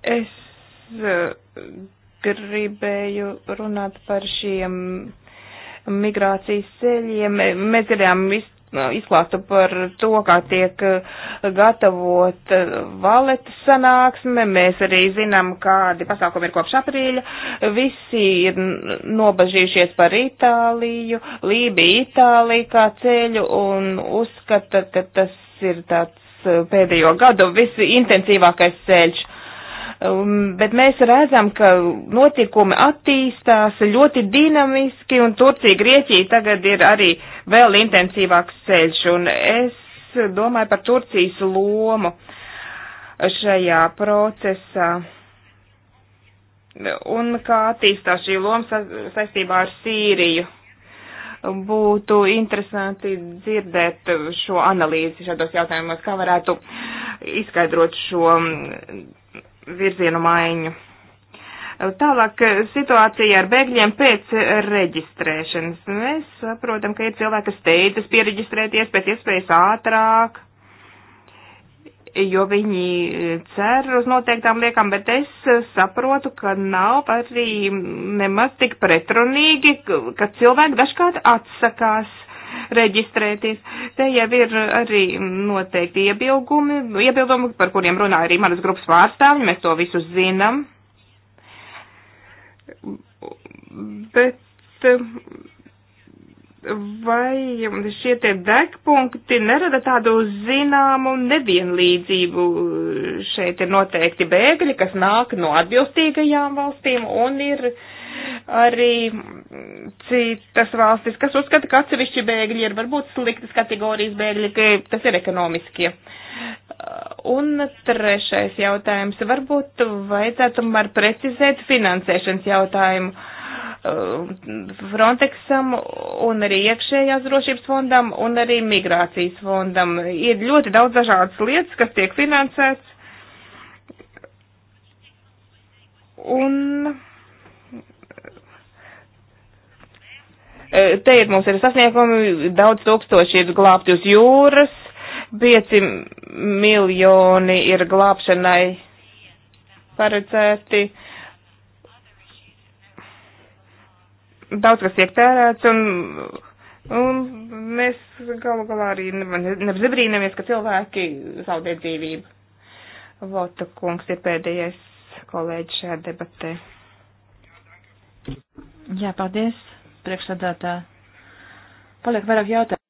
Es eh, gribēju runāt par šiem migrācijas ceļiem. Mēs dzirdējām izklāstu par to, kā tiek uh, gatavot uh, valetas sanāksme. Mēs arī zinām, kādi pasākumi ir kopš aprīļa. Visi ir nobažījušies par Itāliju, Lībiju, Itāliju kā ceļu un uzskata, ka tas ir tāds uh, pēdējo gadu visintensīvākais ceļš. Um, bet mēs redzam, ka notikumi attīstās ļoti dinamiski, un Turcija, Grieķija tagad ir arī vēl intensīvāks ceļš, un es domāju par Turcijas lomu šajā procesā. Un kā attīstās šī loma saistībā ar Sīriju? Būtu interesanti dzirdēt šo analīzi šādos jautājumos, kā varētu izskaidrot šo virzienu maiņu. Tālāk eh, situācija ar bēgļiem pēc reģistrēšanas. Mēs saprotam, ka ir cilvēki, kas steidzas piereģistrēties pēc iespējas ātrāk, jo viņi cer uz noteiktām liekām, bet es saprotu, ka nav arī nemaz tik pretrunīgi, ka cilvēki dažkārt atsakās reģistrēties. Te jau ir arī noteikti iebilgumi, iebildumi, par kuriem runā arī manas grupas pārstāvji, mēs to visu zinām. Bet vai šie tie degpunkti nerada tādu zināmu nevienlīdzību? Šeit ir noteikti bēgļi, kas nāk no atbilstīgajām valstīm un ir uh, arī citas valstis, kas uzskata, ka atsevišķi bēgļi ir varbūt sliktas kategorijas bēgļi, ka tas ir ekonomiskie. Un trešais jautājums. Varbūt vajadzētu tomēr precizēt finansēšanas jautājumu. Uh, Frontexam un arī iekšējās drošības fondam un arī migrācijas fondam. Ir ļoti daudz dažādas lietas, kas tiek finansēts. Un E, te ir mums ir sasniegumi, daudz tūkstoši ir glābti uz jūras, 5 miljoni ir glābšanai paredzēti. Daudz kas tiek tērēts un, un mēs galu galā arī nebrīnamies, ka cilvēki zaudē dzīvību. Vota kungs ir pēdējais kolēģis šajā debatē. Jā, paldies priekšsēdētā. Paliek vairāk jautājumu.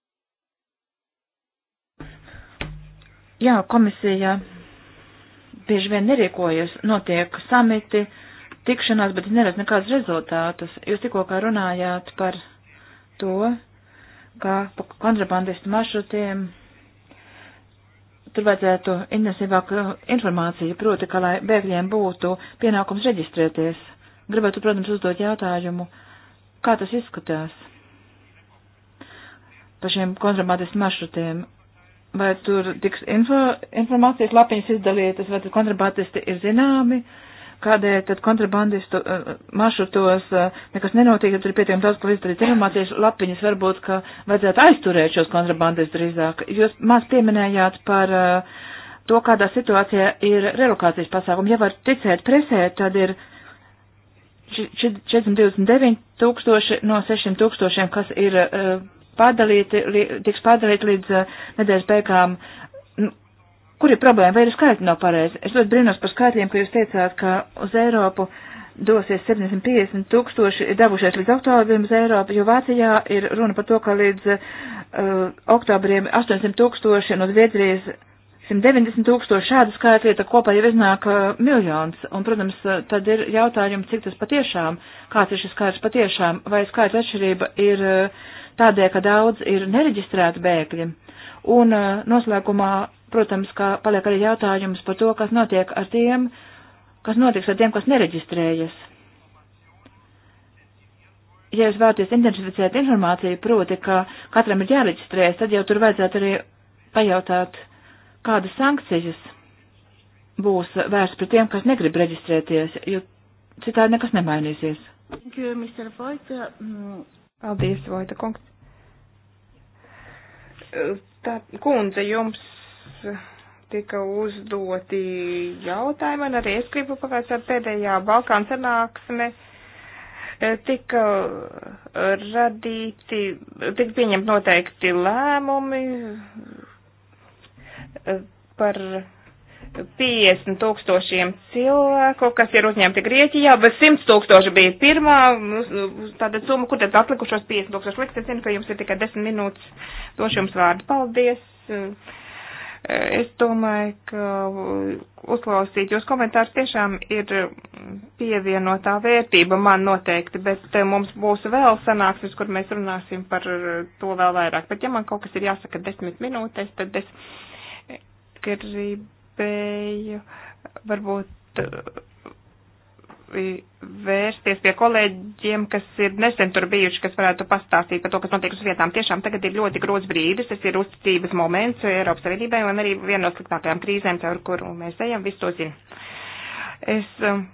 Jā, komisija bieži vien nerīkojas, notiek samiti, tikšanās, bet neredz nekādus rezultātus. Jūs tikko kā runājāt par to, kā pa kontrabandistu maršrutiem tur vajadzētu intensīvāku uh, informāciju, proti, ka lai bēgļiem būtu pienākums reģistrēties. Gribētu, protams, uzdot jautājumu, Kā tas izskatās? Par šiem kontrabandas maršrutiem. Vai tur tiks info, informācijas lapiņas izdalītas, vai tad kontrabandisti ir zināmi? kādēļ tad kontrabandistu uh, maršrutos uh, nekas nenotiek, ja tur ir pietiekami daudz, ko izdarīt informācijas lapiņas, varbūt, ka vajadzētu aizturēt šos kontrabandistus drīzāk. Jūs maz pieminējāt par uh, to, kādā situācijā ir relokācijas pasākumi. Ja var ticēt presē, tad ir 429 tūkstoši no 600 tūkstošiem, kas ir e, pārdalīti, tiks pārdalīti līdz e, nedēļas beigām. Nu, kur ir problēma? Vai ir skaitļi nav pareizi? Es ļoti brīnos par skaitļiem, ka jūs teicāt, ka uz Eiropu dosies 750 tūkstoši devušies līdz oktobrim uz Eiropu, jo Vācijā ir runa par to, ka līdz uh, oktobrim 800 tūkstoši no Zviedrijas 190 tūkstoši šādu skaitlieta kopā jau iznāk uh, miljons, un, protams, uh, tad ir jautājumi, cik tas patiešām, kāds ir šis skaits patiešām, vai skaita atšķirība ir uh, tādēļ, ka daudz ir nereģistrēti bēgļi. Un uh, noslēgumā, protams, ka paliek arī jautājums par to, kas notiek ar tiem, kas notiks ar tiem, kas nereģistrējas. Ja jūs vēlaties identificēt informāciju, proti, ka katram ir jāreģistrējas, tad jau tur vajadzētu arī pajautāt, uh, kādas sankcijas būs vērsts pret tiem, kas negrib reģistrēties, jo citādi nekas nemainīsies. Mm. Paldies, Vojta kungs. Tā, kundze, jums tika uzdoti jautājumi, un arī es gribu pagājušā pēdējā Balkāna sanāksme eh, tika eh, radīti, tika pieņemt noteikti lēmumi, par 50 tūkstošiem cilvēku, kas ir uzņemti Grieķijā, bet 100 tūkstoši bija pirmā, tāda summa, kur tad atlikušos 50 tūkstoši likt, es zinu, ka jums ir tikai 10 minūtes, došu jums vārdu, paldies. Es domāju, ka uzklausīt jūs komentārs tiešām ir pievienotā vērtība man noteikti, bet mums būs vēl sanāksmes, kur mēs runāsim par to vēl vairāk. Bet ja man kaut kas ir jāsaka desmit minūtēs, tad es. Des gribēju varbūt eh, vērsties pie kolēģiem, kas ir nesen tur bijuši, kas varētu pastāstīt par to, kas notiek uz vietām. Tiešām tagad ir ļoti grūts brīdis, tas ir uzticības moments Eiropas Savienībai un arī viena no sliktākajām krīzēm, caur kuru mēs ejam, visu to zinu. Es um,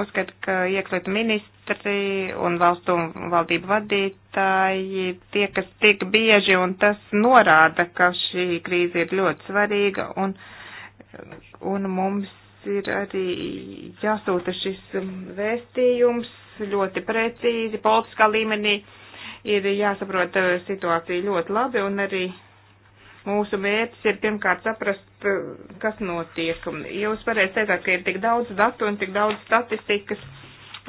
uzskatu, ka iekšlietu ministri un valstu un valdību vadītāji tie, kas tik bieži, un tas norāda, ka šī krīze ir ļoti svarīga, un, un mums ir arī jāsūta šis vēstījums ļoti precīzi, politiskā līmenī ir jāsaprot uh, situācija ļoti labi, un arī Mūsu mērķis ir pirmkārt saprast, kas notiek. Jūs varēsiet teikt, ka ir tik daudz datu un tik daudz statistikas,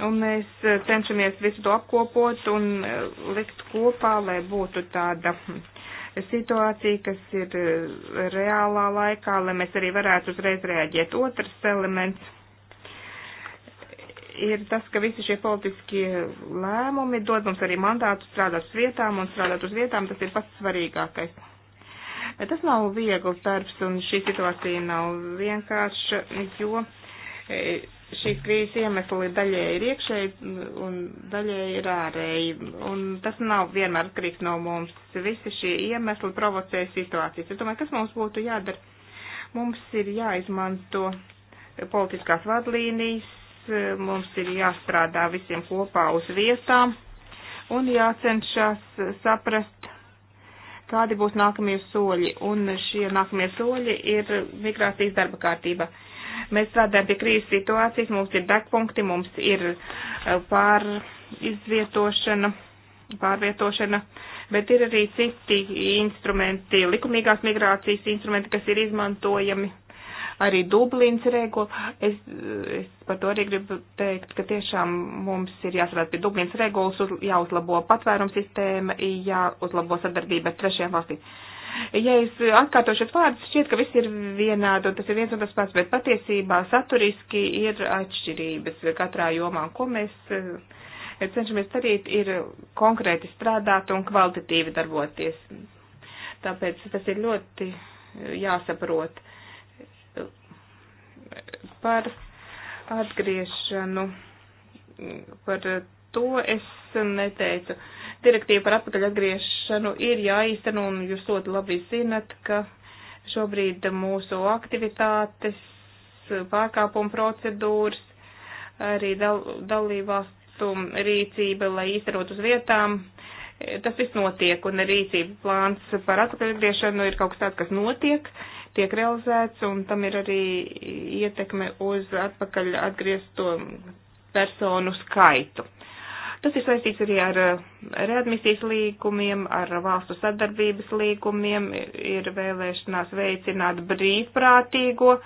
un mēs e, cenšamies visu to apkopot un e, likt kopā, lai būtu tāda situācija, kas ir e, reālā laikā, lai mēs arī varētu uzreiz reaģēt. Otrs elements ir tas, ka visi šie politiskie lēmumi dod mums arī mandātu strādāt uz vietām un strādāt uz vietām, tas ir pats svarīgākais. Tas nav viegls darbs un šī situācija nav vienkārša, jo e, šīs krīzes iemesli daļēji ir iekšēji un daļēji ir ārēji. Un tas nav vienmēr atkarīgs no mums. Visi šie iemesli provocē situācijas. Es domāju, kas mums būtu jādara? Mums ir jāizmanto politiskās vadlīnijas, mums ir jāstrādā visiem kopā uz vietām un jācenšas saprast kādi būs nākamie soļi, un šie nākamie soļi ir migrācijas darba kārtība. Mēs strādājam pie krīzes situācijas, mums ir degpunkti, mums ir eh, pārizvietošana, pārvietošana, bet ir arī citi instrumenti, likumīgās migrācijas instrumenti, kas ir izmantojami arī Dublīns regula. Es, es par to arī gribu teikt, ka tiešām mums ir jāsarāt pie Dublīns regulas, uz, jāuzlabo patvērums sistēma, jāuzlabo sadarbība ar trešajām valstīm. Ja es atkārtošos vārdus, šķiet, ka viss ir vienādi un tas ir viens un tas pats, bet patiesībā saturiski ir atšķirības katrā jomā, ko mēs eh, cenšamies darīt, ir konkrēti strādāt un kvalitatīvi darboties. Tāpēc tas ir ļoti eh, jāsaprot. Uh, par atgriešanu. Par to es neteicu. Direktīva par atpakaļ atgriešanu ir jāīsteno, un jūs ļoti labi zinat, ka šobrīd mūsu aktivitātes, pārkāpuma procedūras, arī dal, dalībvalstu rīcība, lai īstenot uz vietām, tas viss notiek, un rīcība plāns par atpakaļ atgriešanu ir kaut kas tāds, kas notiek, tiek realizēts, un tam ir arī ietekme uz atpakaļ atgriezto personu skaitu. Tas ir saistīts arī ar eh, readmisijas līgumiem, ar valstu sadarbības līgumiem, ir vēlēšanās veicināt brīvprātīgo uh,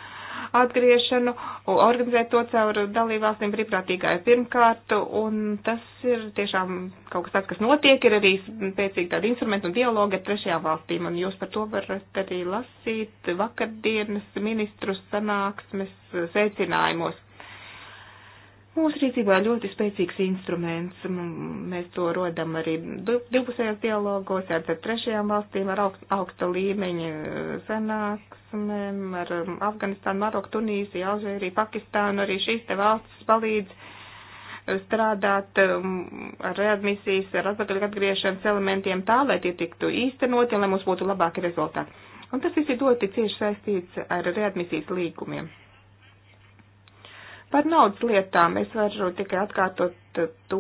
atgriešanu, organizēt to caur dalībvalstīm brīvprātīgāju pirmkārt, un tas ir tiešām kaut kas tāds, kas notiek, ir arī spēcīgi tādi instrumenti un dialogi ar trešajām valstīm, un jūs par to varat arī lasīt vakardienas ministru sanāksmes secinājumos. Mūsu rīcībā ļoti spēcīgs instruments, mēs to rodam arī divpusējos dialogos ar trešajām valstīm, ar augsta līmeņa eh, sanāksmēm, ar um, Afganistānu, Maroku, Tunīsiju, Alžēriju, Pakistānu, arī šīs te valstis palīdz eh, strādāt um, ar readmisijas, ar atpakaļ atgriešanas elementiem tā, lai tie tiktu īstenoti un lai mums būtu labāki rezultāti. Un tas viss ir ļoti cieši saistīts ar readmisijas līgumiem. Par naudas lietām es varu tikai atkārtot eh, to,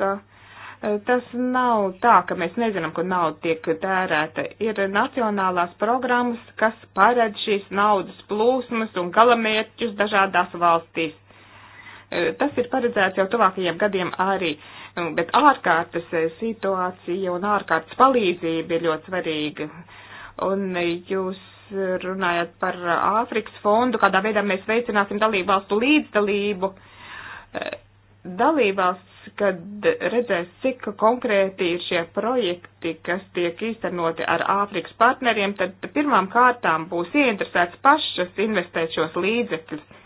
ka eh, tas nav tā, ka mēs nezinām, kur nauda tiek tērēta. Ir nacionālās programmas, kas paredz šīs naudas plūsmas un galamērķus dažādās valstīs. Eh, tas ir paredzēts jau tuvākajiem gadiem arī, mm, bet ārkārtas situācija un ārkārtas palīdzība ir ļoti svarīga. Un jūs runājāt par Āfrikas fondu, kādā veidā mēs veicināsim dalībvalstu līdzdalību. Dalībvalsts, kad redzēs, cik konkrēti ir šie projekti, kas tiek īstenoti ar Āfrikas partneriem, tad pirmām kārtām būs ieinteresēts pašas investēt šos līdzekļus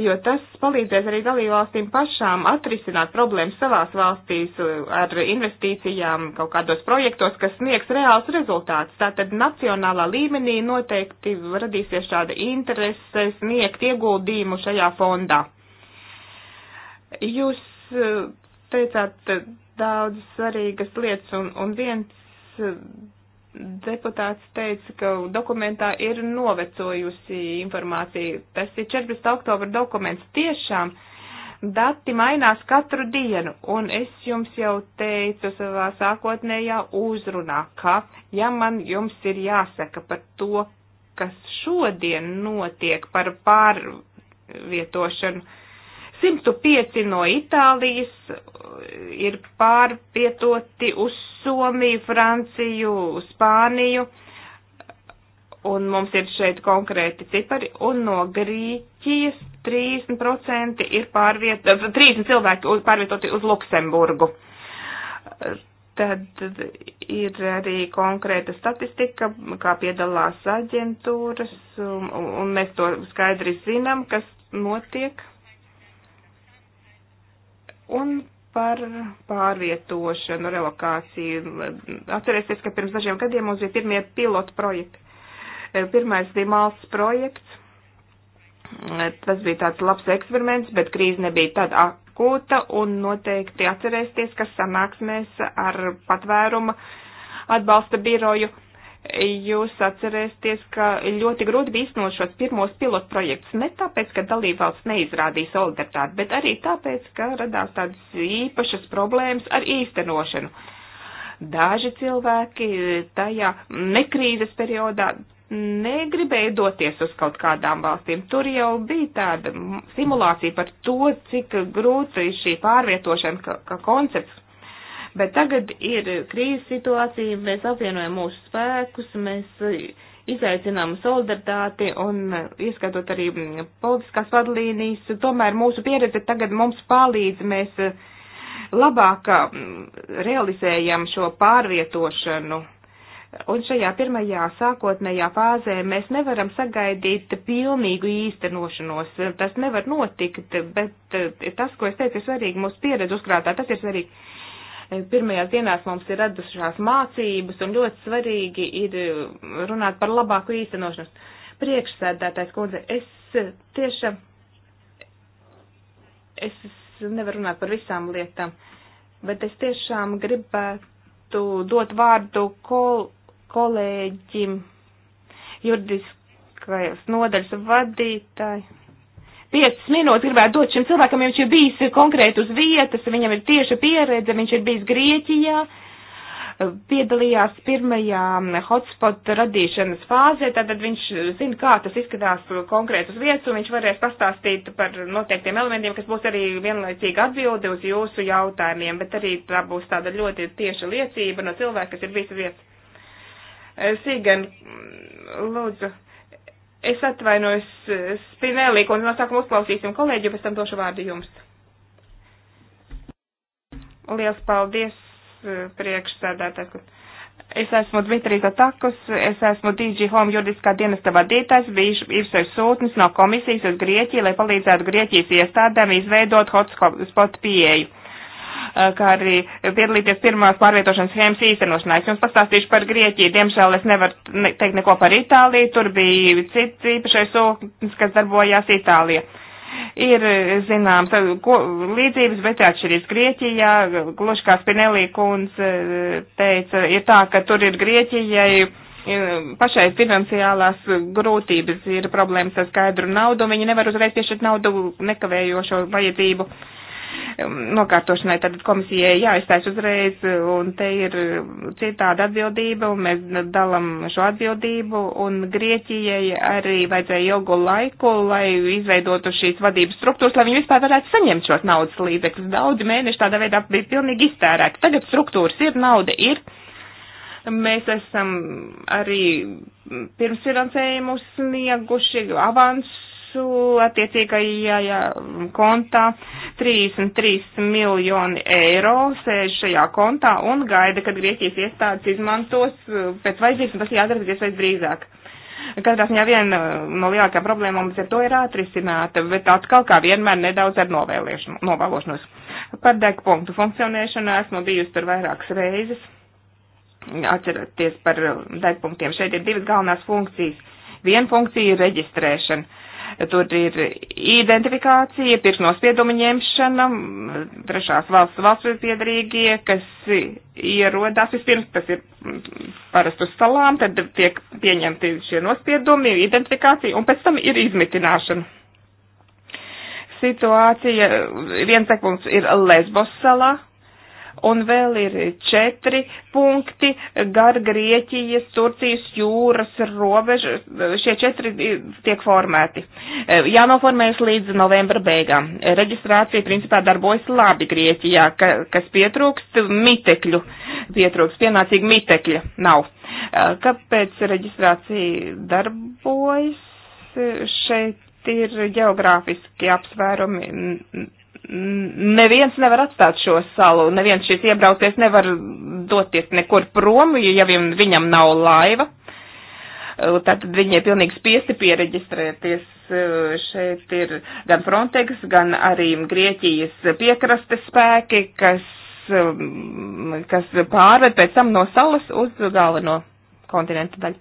jo tas palīdzēs arī dalībvalstīm pašām atrisināt problēmas savās valstīs uh, ar investīcijām kaut kādos projektos, kas sniegs reāls rezultāts. Tātad nacionālā līmenī noteikti radīsies šāda interese sniegt ieguldījumu šajā fondā. Jūs uh, teicāt uh, daudz svarīgas lietas un, un viens deputāts teica, ka dokumentā ir novecojusi informācija. Tas ir 14. oktobra dokuments. Tiešām dati mainās katru dienu, un es jums jau teicu savā sākotnējā uzrunā, ka, ja man jums ir jāsaka par to, kas šodien notiek par pārvietošanu, 105 no Itālijas eh, ir pārvietoti uz Somiju, Franciju, Spāniju, un mums ir šeit konkrēti cipari, un no Grīķijas 30% ir pārvietoti, eh, 30 cilvēki pārvietoti uz Luksemburgu. Eh, tad ir arī konkrēta statistika, kā piedalās aģentūras, un, un mēs to skaidri zinām, kas notiek Un par pārvietošanu, relokāciju. Atcerēsieties, ka pirms dažiem gadiem mums bija pirmie pilotu projekti. Pirmais bija māls projekts. Tas bija tāds labs eksperiments, bet krīze nebija tāda akūta un noteikti atcerēsties, ka sanāksmēs ar patvēruma atbalsta biroju Jūs atcerēsieties, ka ļoti grūti bija iznot šos pirmos pilotu projektus ne tāpēc, ka dalībvalsts neizrādīja solidaritāti, bet arī tāpēc, ka radās tādas īpašas problēmas ar īstenošanu. Daži cilvēki tajā nekrīzes periodā negribēja doties uz kaut kādām valstīm. Tur jau bija tāda simulācija par to, cik grūta ir šī pārvietošana, ka, ka koncepts Bet tagad ir krīzes situācija, mēs apvienojam mūsu spēkus, mēs izaicinām solidaritāti un ieskatot arī mm, politiskās vadlīnijas, tomēr mūsu pieredze tagad mums palīdz, mēs mm, labāk mm, realizējam šo pārvietošanu. Un šajā pirmajā sākotnējā fāzē mēs nevaram sagaidīt pilnīgu īstenošanos. Tas nevar notikt, bet tas, ko es teicu, ir svarīgi mūsu pieredze uzkrātā, tas ir svarīgi. Pirmajās dienās mums ir radušās mācības un ļoti svarīgi ir runāt par labāku īstenošanas. Priekšsēdētājs kundze, es tiešām, es nevaru runāt par visām lietām, bet es tiešām gribētu dot vārdu kol, kolēģim juridiskajos nodaļas vadītāji. 5 minūtes gribētu dot šim cilvēkam, jo viņš ir bijis konkrēti uz vietas, viņam ir tieša pieredze, viņš ir bijis Grieķijā, piedalījās pirmajā hotspot radīšanas fāzē, tad viņš zina, kā tas izskatās konkrēti uz vietas, un viņš varēs pastāstīt par noteiktiem elementiem, kas būs arī vienlaicīga atbilde uz jūsu jautājumiem, bet arī tā būs tāda ļoti tieša liecība no cilvēka, kas ir bijis uz vietas. Sīgan, lūdzu. Es atvainojos, eh, Spinelli, un no sākuma uzklausīsim kolēģi, pēc tam došu vārdu jums. Liels paldies, eh, priekšsēdētāji. Es esmu Dmitrijs Atakus, es esmu DG Home juridiskā dienesta vadītājs, bijuši īpašais sūtnis no komisijas uz Grieķiju, lai palīdzētu Grieķijas iestādēm izveidot hotspot pieeju Eh, kā arī piedalīties pirmās pārvietošanas schēmas īstenošanā. Es jums pastāstīšu par Grieķiju. Diemžēl es nevaru teikt neko par Itāliju. Tur bija cits īpašais sūknis, kas darbojās Itālijā. Ir eh, zināms ko, līdzības, bet atšķirības Grieķijā, gluži kā Spinelī kundz eh, teica, ir tā, ka tur ir Grieķijai pašai finansiālās grūtības, ir problēmas ar skaidru naudu, viņi nevar uzreiz piešķirt naudu nekavējošo vajadzību. Uh, nokārtošanai. Tad komisijai jāizstājas uzreiz, un te ir citāda atbildība, un mēs dalam šo atbildību, un Grieķijai arī vajadzēja ilgu laiku, lai izveidotu šīs vadības struktūras, lai viņi vispār varētu saņemt šos naudas līdzekļus. Daudzi mēneši tādā veidā bija pilnīgi iztērēti. Tagad struktūras ir, nauda ir mēs esam arī pirmsfinansējumu snieguši, avans maksu attiecīgajā kontā 33 miljoni eiro sēž šajā kontā un gaida, kad Grieķijas iestādes izmantos uh, pēc vajadzības, un tas jādara pēc iespējas drīzāk. Katrā ziņā viena uh, no lielākajām problēmām mums ar to ir atrisināta, bet atkal kā vienmēr nedaudz ar novēlošanos. Par degpunktu funkcionēšanu esmu bijusi tur vairākas reizes. Atcerieties par uh, degpunktiem. Šeit ir divas galvenās funkcijas. Viena funkcija ir reģistrēšana. Tur ir identifikācija, pirksnospiedumu ņemšana, trešās valsts valsts piedarīgie, kas ierodās vispirms, tas ir mm, parasti uz salām, tad tiek pieņemti šie nospiedumi, identifikācija un pēc tam ir izmitināšana. Situācija, viens sekums ir Lesbos salā, Un vēl ir četri punkti gar Grieķijas, Turcijas jūras robežu. Šie četri tiek formēti. E, Jānoformējas līdz novembra beigām. E, reģistrācija principā darbojas labi Grieķijā, ka, kas pietrūkst mitekļu. Pietrūkst pienācīgi mitekļa nav. E, Kāpēc reģistrācija darbojas? Šeit ir geogrāfiski apsvērumi neviens nevar atstāt šo salu, neviens šīs iebraukties nevar doties nekur prom, ja viņam nav laiva. Tātad viņi ir pilnīgi spiesti piereģistrēties. E, šeit ir gan Frontex, gan arī Grieķijas piekrastes spēki, kas, e, kas pārved pēc tam no salas uz galveno kontinentu daļu.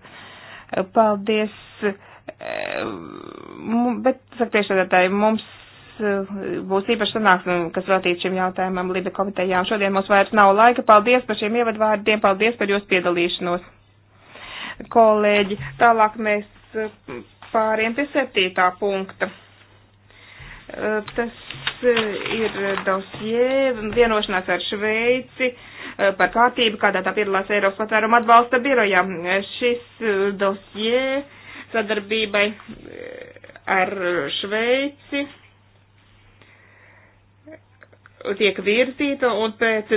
E, paldies! Bet, saka tiešādātāji, mums Eh, būs īpaši sanāksme, kas veltīta šim jautājumam Libe komitejām. Šodien mums vairs nav laika. Paldies par šiem ievadvārdiem, paldies par jūsu piedalīšanos. Kolēģi, tālāk mēs eh, pāriem pie septītā punkta. Eh, tas ir dosie vienošanās ar Šveici par kārtību, kādā tā piedalās Eiropas patvēruma atbalsta birojā. Šis dosie sadarbībai ar Šveici tiek virzīta un pēc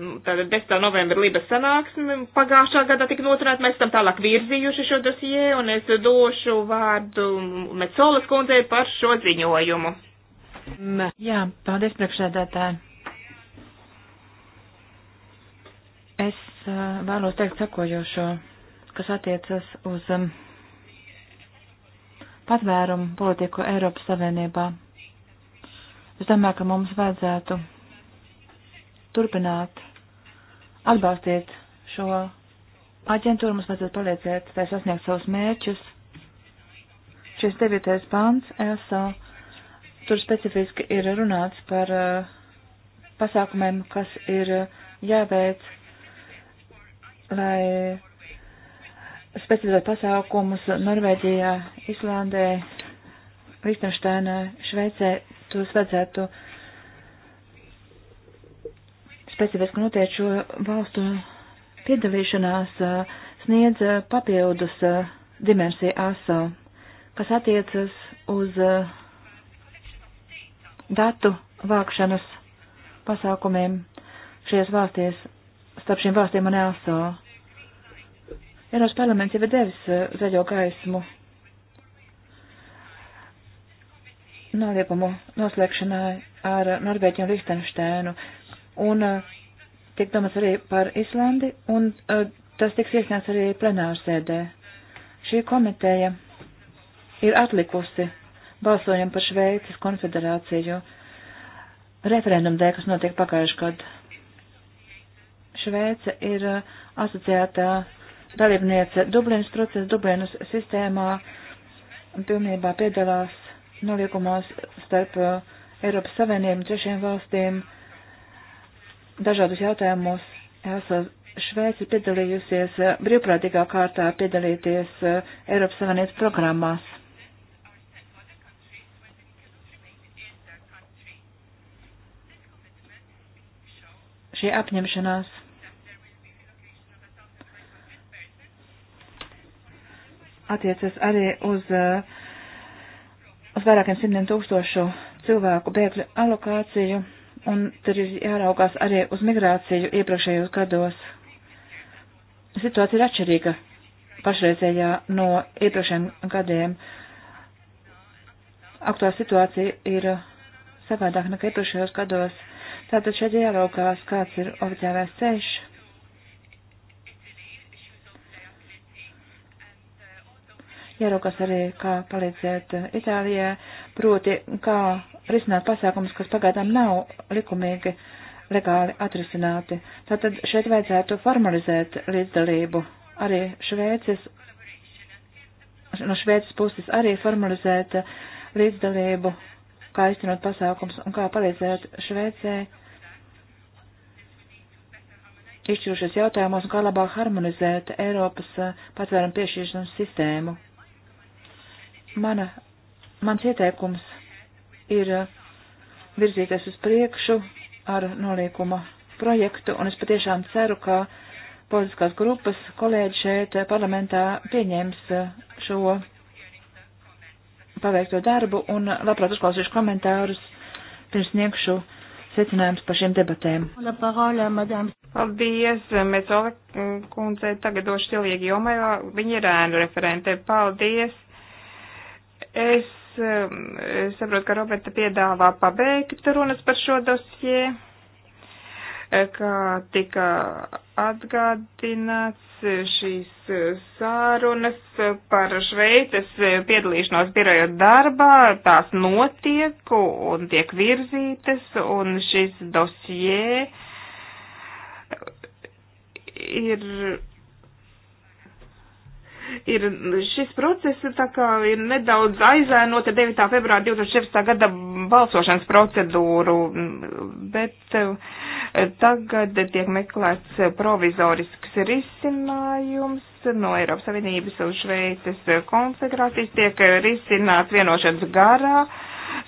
nu, tātad 10. novembra Libas sanāksme pagājušā gadā tika noturēta, mēs tam tālāk virzījuši šo dosie, un es došu vārdu Mecolas kundzei par šo ziņojumu. Jā, paldies priekšsēdētāji. Es uh, vēlos teikt sakojošo, kas attiecas uz. Um, patvērumu politiku Eiropas Savienībā. Es domāju, ka mums vajadzētu turpināt atbalstīt šo aģentūru, mums vajadzētu palīdzēt, lai sasniegt savus mērķus. Šis devītais pāns, ESO, tur specifiski ir runāts par uh, pasākumiem, kas ir uh, jāveic, lai specializēt pasākumus Norvēģijā, Islandē, Lichtensteinā, Šveicē, tos vajadzētu specifiski noteikt šo valstu piedalīšanās eh, sniedz eh, papildus eh, dimensiju ASO, kas attiecas uz datu vākšanas pasākumiem šajās valstīs, starp šīm valstīm un ASO. Eiropas parlaments jau ir devis eh, zaļo gaismu noliegumu noslēgšanai ar Norvēģiju un Lichtensteinu. Un eh, tiek domāts arī par Islandi, un eh, tas tiks iesniegts arī plenārsēdē. Šī komiteja ir atlikusi balsojumu par Šveices konfederāciju referendumu dēļ, kas notiek pagājuši gadu. Šveice ir asociētā dalībniece Dublinas procesa Dublinas sistēmā pilnībā piedalās noliekumos starp uh, Eiropas Savienību un trešiem valstīm dažādus jautājumus. Jāsa Šveici piedalījusies uh, brīvprātīgā kārtā piedalīties uh, Eiropas Savienības programmās. Šī apņemšanās attiecas arī uz, eh, uz vairākiem simtiem tūkstošu cilvēku bēgļu alokāciju, un tur ir jāraugās arī uz migrāciju iepriekšējos gados. Situācija ir atšķirīga pašreizējā no iepriekšējiem gadiem. Aktuāla situācija ir savādāk nekā iepriekšējos gados. Tātad šeit jāraukās, kāds ir oficiālais ceļš jāraukās arī, kā palīdzēt eh, Itālijai, proti, kā risināt pasākumus, kas pagaidām nav likumīgi legāli atrisināti. Tātad šeit vajadzētu formalizēt līdzdalību arī Šveices, no Šveices puses arī formalizēt eh, līdzdalību, kā iztenot pasākums un kā palīdzēt Šveicē izšķirušies jautājumos, kā labāk harmonizēt Eiropas eh, patvērumu piešķiršanas sistēmu. Mana, mans ieteikums ir uh, virzīties uz priekšu ar noliekuma projektu, un es patiešām ceru, ka politiskās grupas kolēģi šeit uh, parlamentā pieņems uh, šo paveikto darbu, un labprāt uzklausīšu komentārus pirms sniegšu secinājums par šiem debatēm. Paldies, Mecola kundze, tagad došu Silvija Jomai, viņa ir ēnu referente. Paldies! Es, um, es saprotu, ka Roberta piedāvā pabeigt runas par šo dosie, eh, kā tika atgādināts šīs eh, sārunas par Šveices piedalīšanos biroja darbā, tās notiek un tiek virzītas, un šis dosie ir ir šis process tā kā ir nedaudz aizēnot ar 9. februāra 2016. gada balsošanas procedūru, bet eh, tagad tiek meklēts provizorisks risinājums no Eiropas Savienības un Šveices konfederācijas, tiek risināts vienošanas garā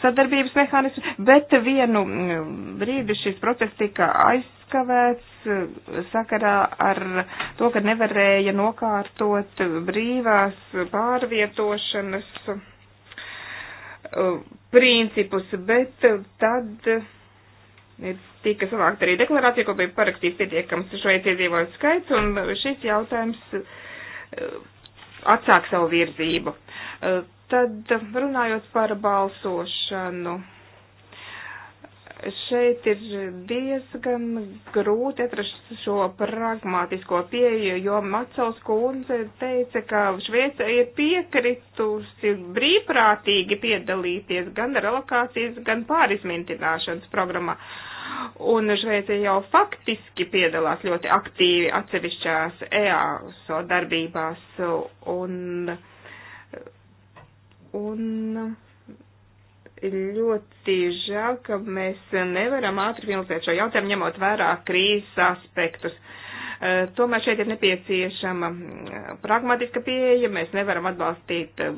sadarbības mehānismu, bet vienu mm, brīdi šis process tika aizsākts aizkavēts sakarā ar to, ka nevarēja nokārtot brīvās pārvietošanas uh, principus, bet tad tika savākt arī deklarācija, ko bija parakstīts pietiekams šveic iedzīvotājs skaits, un šis jautājums uh, atsāk savu virzību. Uh, tad runājot par balsošanu šeit ir diezgan grūti atrast šo pragmātisko pieeju, jo Macaus kundze teica, ka Šveica ir piekritusi brīvprātīgi piedalīties gan relokācijas, gan pārizmintināšanas programmā. Un Šveica jau faktiski piedalās ļoti aktīvi atsevišķās EASO darbībās. Un, un, ļoti žēl, ka mēs nevaram ātri finalizēt šo jautājumu, ņemot vērā krīzes aspektus. E, tomēr šeit ir nepieciešama e, pragmatiska pieeja, mēs nevaram atbalstīt e,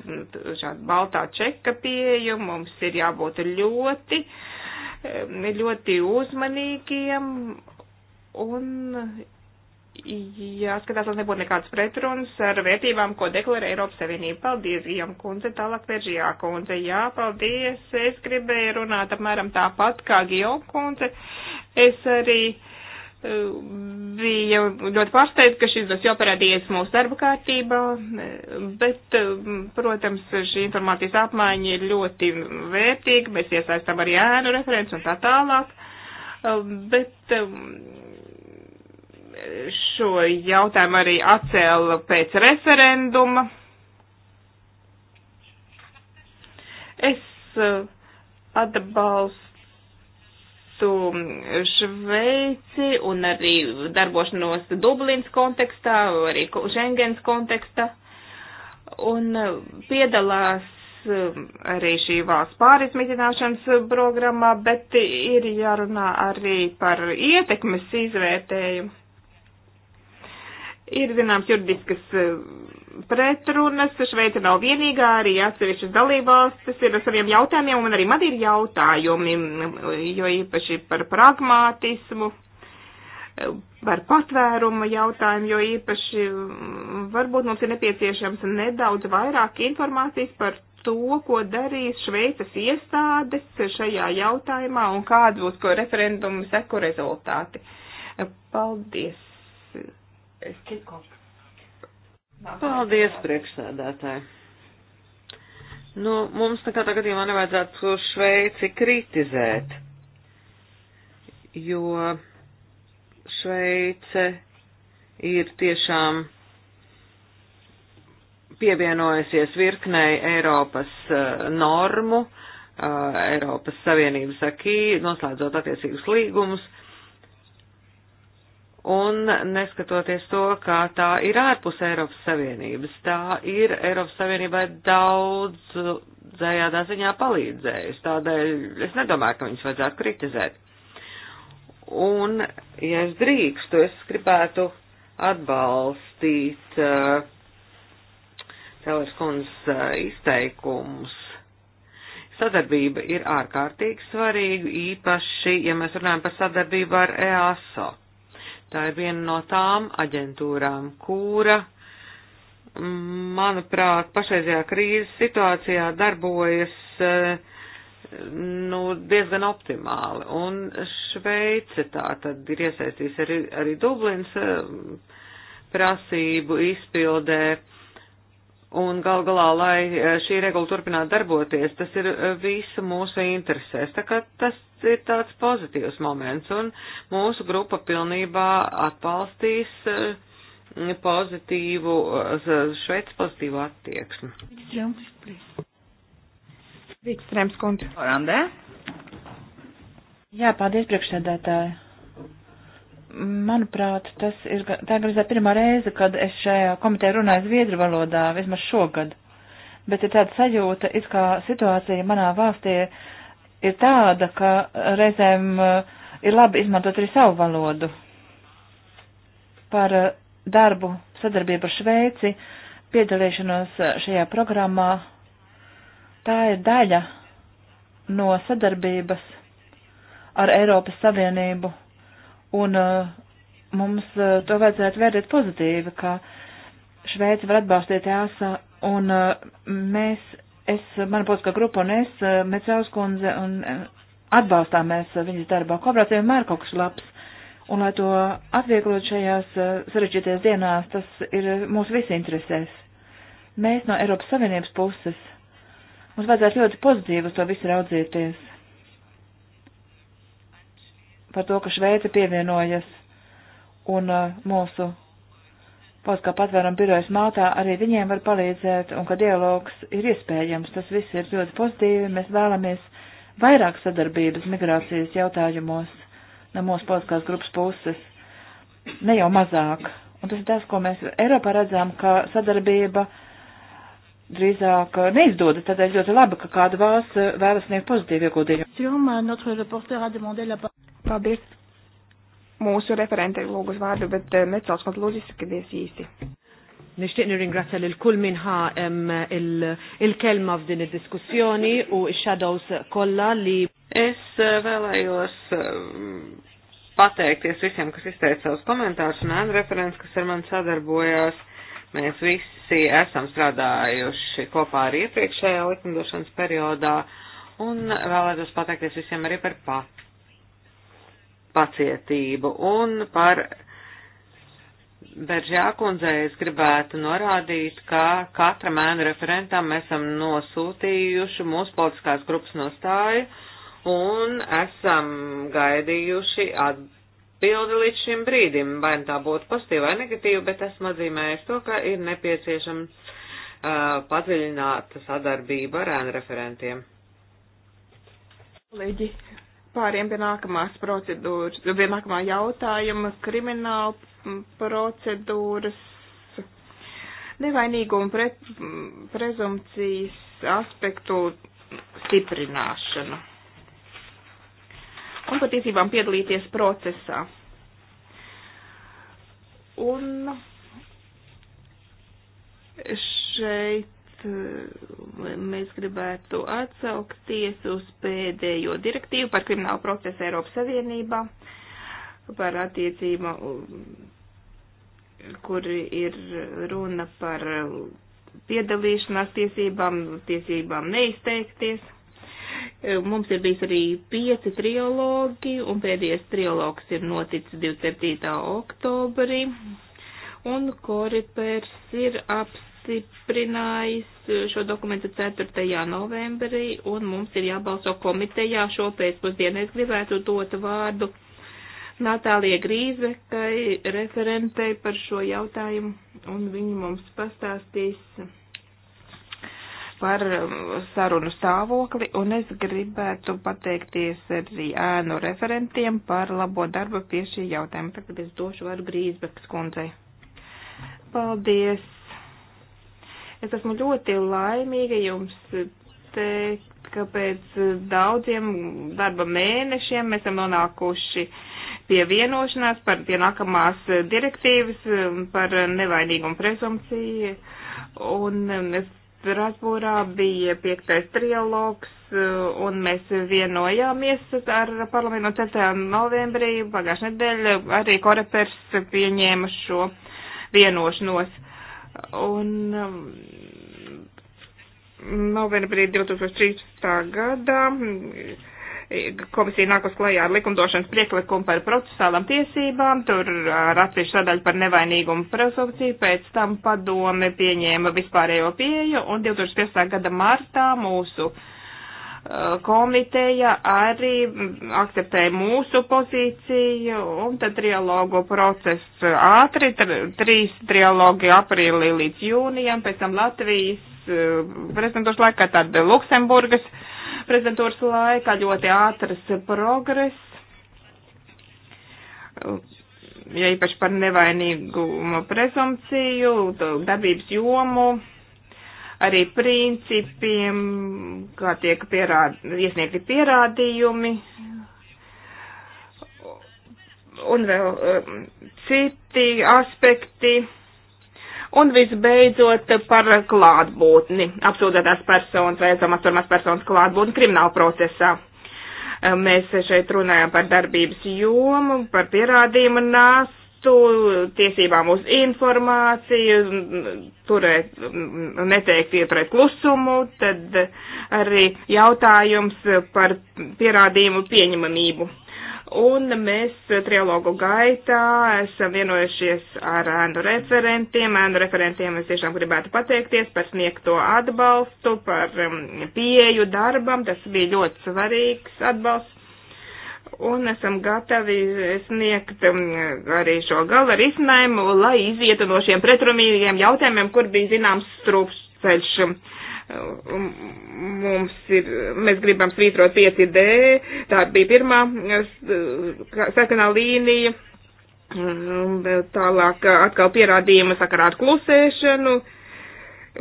šādu baltā čeka pieeju, mums ir jābūt ļoti, ļoti uzmanīgiem un jāskatās, lai nebūtu nekādas pretrunas ar vērtībām, ko deklarē Eiropas Savienība. Paldies, Gijam kundze, tālāk Veržijā kundze. Jā, paldies, es gribēju runāt apmēram tāpat kā Gijam kundze. Es arī eh, bija ļoti pārsteigta, ka šis dosjē parādījies mūsu darba kārtībā, bet, eh, protams, šī informācijas apmaiņa ir ļoti vērtīga, mēs iesaistām arī ēnu referents un tā tālāk, eh, bet šo jautājumu arī atcēla pēc referenduma. Es uh, atbalstu Šveici un arī darbošanos Dublins kontekstā, arī Schengens kontekstā. Un uh, piedalās um, arī šī valsts pārizmitināšanas programmā, bet ir jārunā arī par ietekmes izvērtējumu. Ir, zināms, juridiskas eh, pretrunas. Šveica nav vienīgā, arī atsevišķas dalībvalstis ir ar saviem jautājumiem, un arī man ir jautājumi, jo īpaši par pragmātismu, par patvērumu jautājumu, jo īpaši mm, varbūt mums ir nepieciešams nedaudz vairāk informācijas par to, ko darīs Šveicas iestādes šajā jautājumā un kāds būs ko referendumu seku rezultāti. Paldies! Paldies, priekšsēdētāji. Nu, mums nekādā gadījumā nevajadzētu Šveici kritizēt, jo Šveice ir tiešām pievienojusies virknei Eiropas uh, normu, uh, Eiropas Savienības akī, noslēdzot attiecīgus līgumus, uh, Un neskatoties to, ka tā ir ārpus Eiropas Savienības, tā ir Eiropas Savienībai daudz dzējādā ziņā palīdzējusi. Tādēļ es nedomāju, ka viņus vajadzētu kritizēt. Un, ja es drīkstu, es gribētu atbalstīt uh, eh, Telers kundzes uh, izteikumus. Sadarbība ir ārkārtīgi svarīga, īpaši, ja mēs runājam par sadarbību ar EASO. Tā ir viena no tām aģentūrām, kura, manuprāt, pašreizajā krīzes situācijā darbojas eh, nu, diezgan optimāli. Un Šveice tā tad ir iesaistījis arī, arī Dublins eh, prasību izpildē. Un gal galā, lai eh, šī regula turpinātu darboties, tas ir visu mūsu interesēs. Tā kā tas ir tāds pozitīvs moments, un mūsu grupa pilnībā atbalstīs eh, pozitīvu, Šveic pozitīvu attieksmi. Vikstrēms kundze. Orandē. Jā, paldies priekšsēdētāji. Manuprāt, tas ir, tā ir pirmā reize, kad es šajā komitē runāju zviedru valodā, vismaz šogad. Bet ir tāda sajūta, it kā situācija manā valstī ir tāda, ka reizēm eh, ir labi izmantot arī savu valodu. Par eh, darbu sadarbību ar Šveici, piedalīšanos eh, šajā programmā, tā ir daļa no sadarbības ar Eiropas Savienību, un mums to vajadzētu vērtēt pozitīvi, ka Šveica var atbalstīt EASA, un mēs es, man būs, ka grupa un es, eh, Mecēvs kundze, un eh, atbalstām mēs eh, viņas darbā. Kooperācija vienmēr kaut kas labs. Un, lai to atvieglot šajās sarežģītajās dienās, tas ir mūsu visi interesēs. Mēs no Eiropas Savienības puses. Mums vajadzētu ļoti pozitīvi uz to visu raudzīties. Par to, ka Šveica pievienojas un mūsu Polskā patvērumu birojas Maltā arī viņiem var palīdzēt un ka dialogs ir iespējams. Tas viss ir ļoti pozitīvi. Mēs vēlamies vairāk sadarbības migrācijas jautājumos no mūsu polskās grupas puses, ne jau mazāk. Un tas ir tas, ko mēs Eiropā redzam, ka sadarbība drīzāk neizdodas, tādēļ ļoti labi, ka kāda valsts vēlas sniegt pozitīvu ieguldījumu. Paldies! mūsu referente lūgus vārdu, bet eh, Mecels kaut lūdzu izskaties īsi. Nishtiq nirringrazzja lil kull min ħa il-kelma f'din id-diskussjoni u x-shadows kollha li es eh, vēlējos eh, pateikties visiem, kas izteica savus komentārus un referents, kas ar mani sadarbojās. Mēs visi esam strādājuši kopā ar iepriekšējā likumdošanas periodā un vēlētos pateikties visiem arī par pat pacietību. Un par Beržā kundzei es gribētu norādīt, ka katra mēna referentam esam nosūtījuši mūsu politiskās grupas nostāju un esam gaidījuši atbildi līdz šim brīdim. Vai nu tā būtu pozitīva vai negatīva, bet esmu atzīmējis to, ka ir nepieciešams uh, padziļināt sadarbību ar ēnu referentiem. Kolēģi, pāriem pie nākamās procedūras, pie nākamā jautājuma - krimināla procedūras, nevainīguma pre, prezumcijas aspektu stiprināšana. Un patiesībām piedalīties procesā. Un šeit Uh, mēs gribētu atsaukties uz pēdējo direktīvu par kriminālu procesu Eiropas Savienībā, par attiecību, kur ir runa par piedalīšanās tiesībām, tiesībām neizteikties. Mums ir bijis arī pieci triologi, un pēdējais triologs ir noticis 27. oktobrī, un Koripers ir apstāties apstiprinājis šo dokumentu 4. novembrī, un mums ir jābalso komitejā šo pēcpusdienu. Es gribētu dot vārdu Natālija Grīzbekai, referentei par šo jautājumu, un viņa mums pastāstīs par um, sarunu stāvokli, un es gribētu pateikties arī ēnu referentiem par labo darbu pie šī jautājuma. Tagad es došu varu Grīsbekas kundzei. Paldies, Es esmu ļoti laimīga jums teikt, ka pēc daudziem darba mēnešiem mēs esam nonākuši pie vienošanās par pie nākamās direktīvas um, par nevainīgumu prezumpciju. Un um, Strasbūrā bija piektais trialogs, uh, un mēs vienojāmies ar parlamentu 4. novembrī pagājušajā nedēļā. Arī Korepers pieņēma šo vienošanos. Un um, novembrī 2013. gadā mm, komisija nākos klajā ar likumdošanas prieklikumu par procesālām tiesībām, tur uh, ar atsevišķu sadaļu par nevainīgumu prezumpciju, pēc tam padome pieņēma vispārējo pieju, un 2015. gada martā mūsu uh, komiteja arī akceptēja mūsu pozīciju un tad trialogu procesu ātri, tr trīs trialogi aprīlī līdz jūnijam, pēc tam Latvijas eh, prezidentūras laikā, tad Luksemburgas prezidentūras laikā ļoti ātras progress. Ja īpaši par nevainīgumu prezumciju, darbības jomu, arī principiem, kā tiek pierād, iesniegti pierādījumi, un vēl um, citi aspekti, un visbeidzot par klātbūtni, apsūdzētās personas vai aizdomās turmās personas klātbūtni krimināla procesā. Um, mēs šeit runājam par darbības jomu, par pierādījumu nās datu, tiesībām uz informāciju, turēt, neteikt ieturēt klusumu, tad arī jautājums par pierādījumu pieņemamību. Un mēs trialogu gaitā esam vienojušies ar ēnu referentiem. Ēnu referentiem es tiešām gribētu pateikties par sniegto atbalstu, par pieju darbam. Tas bija ļoti svarīgs atbalsts un esam gatavi sniegt um, arī šo gala risinājumu, lai izietu no šiem pretrunīgiem jautājumiem, kur bija zināms strupceļš. Um, mums ir, mēs gribam svītrot 5D, tā bija pirmā sarkanā līnija, tālāk atkal pierādījuma sakarā ar klusēšanu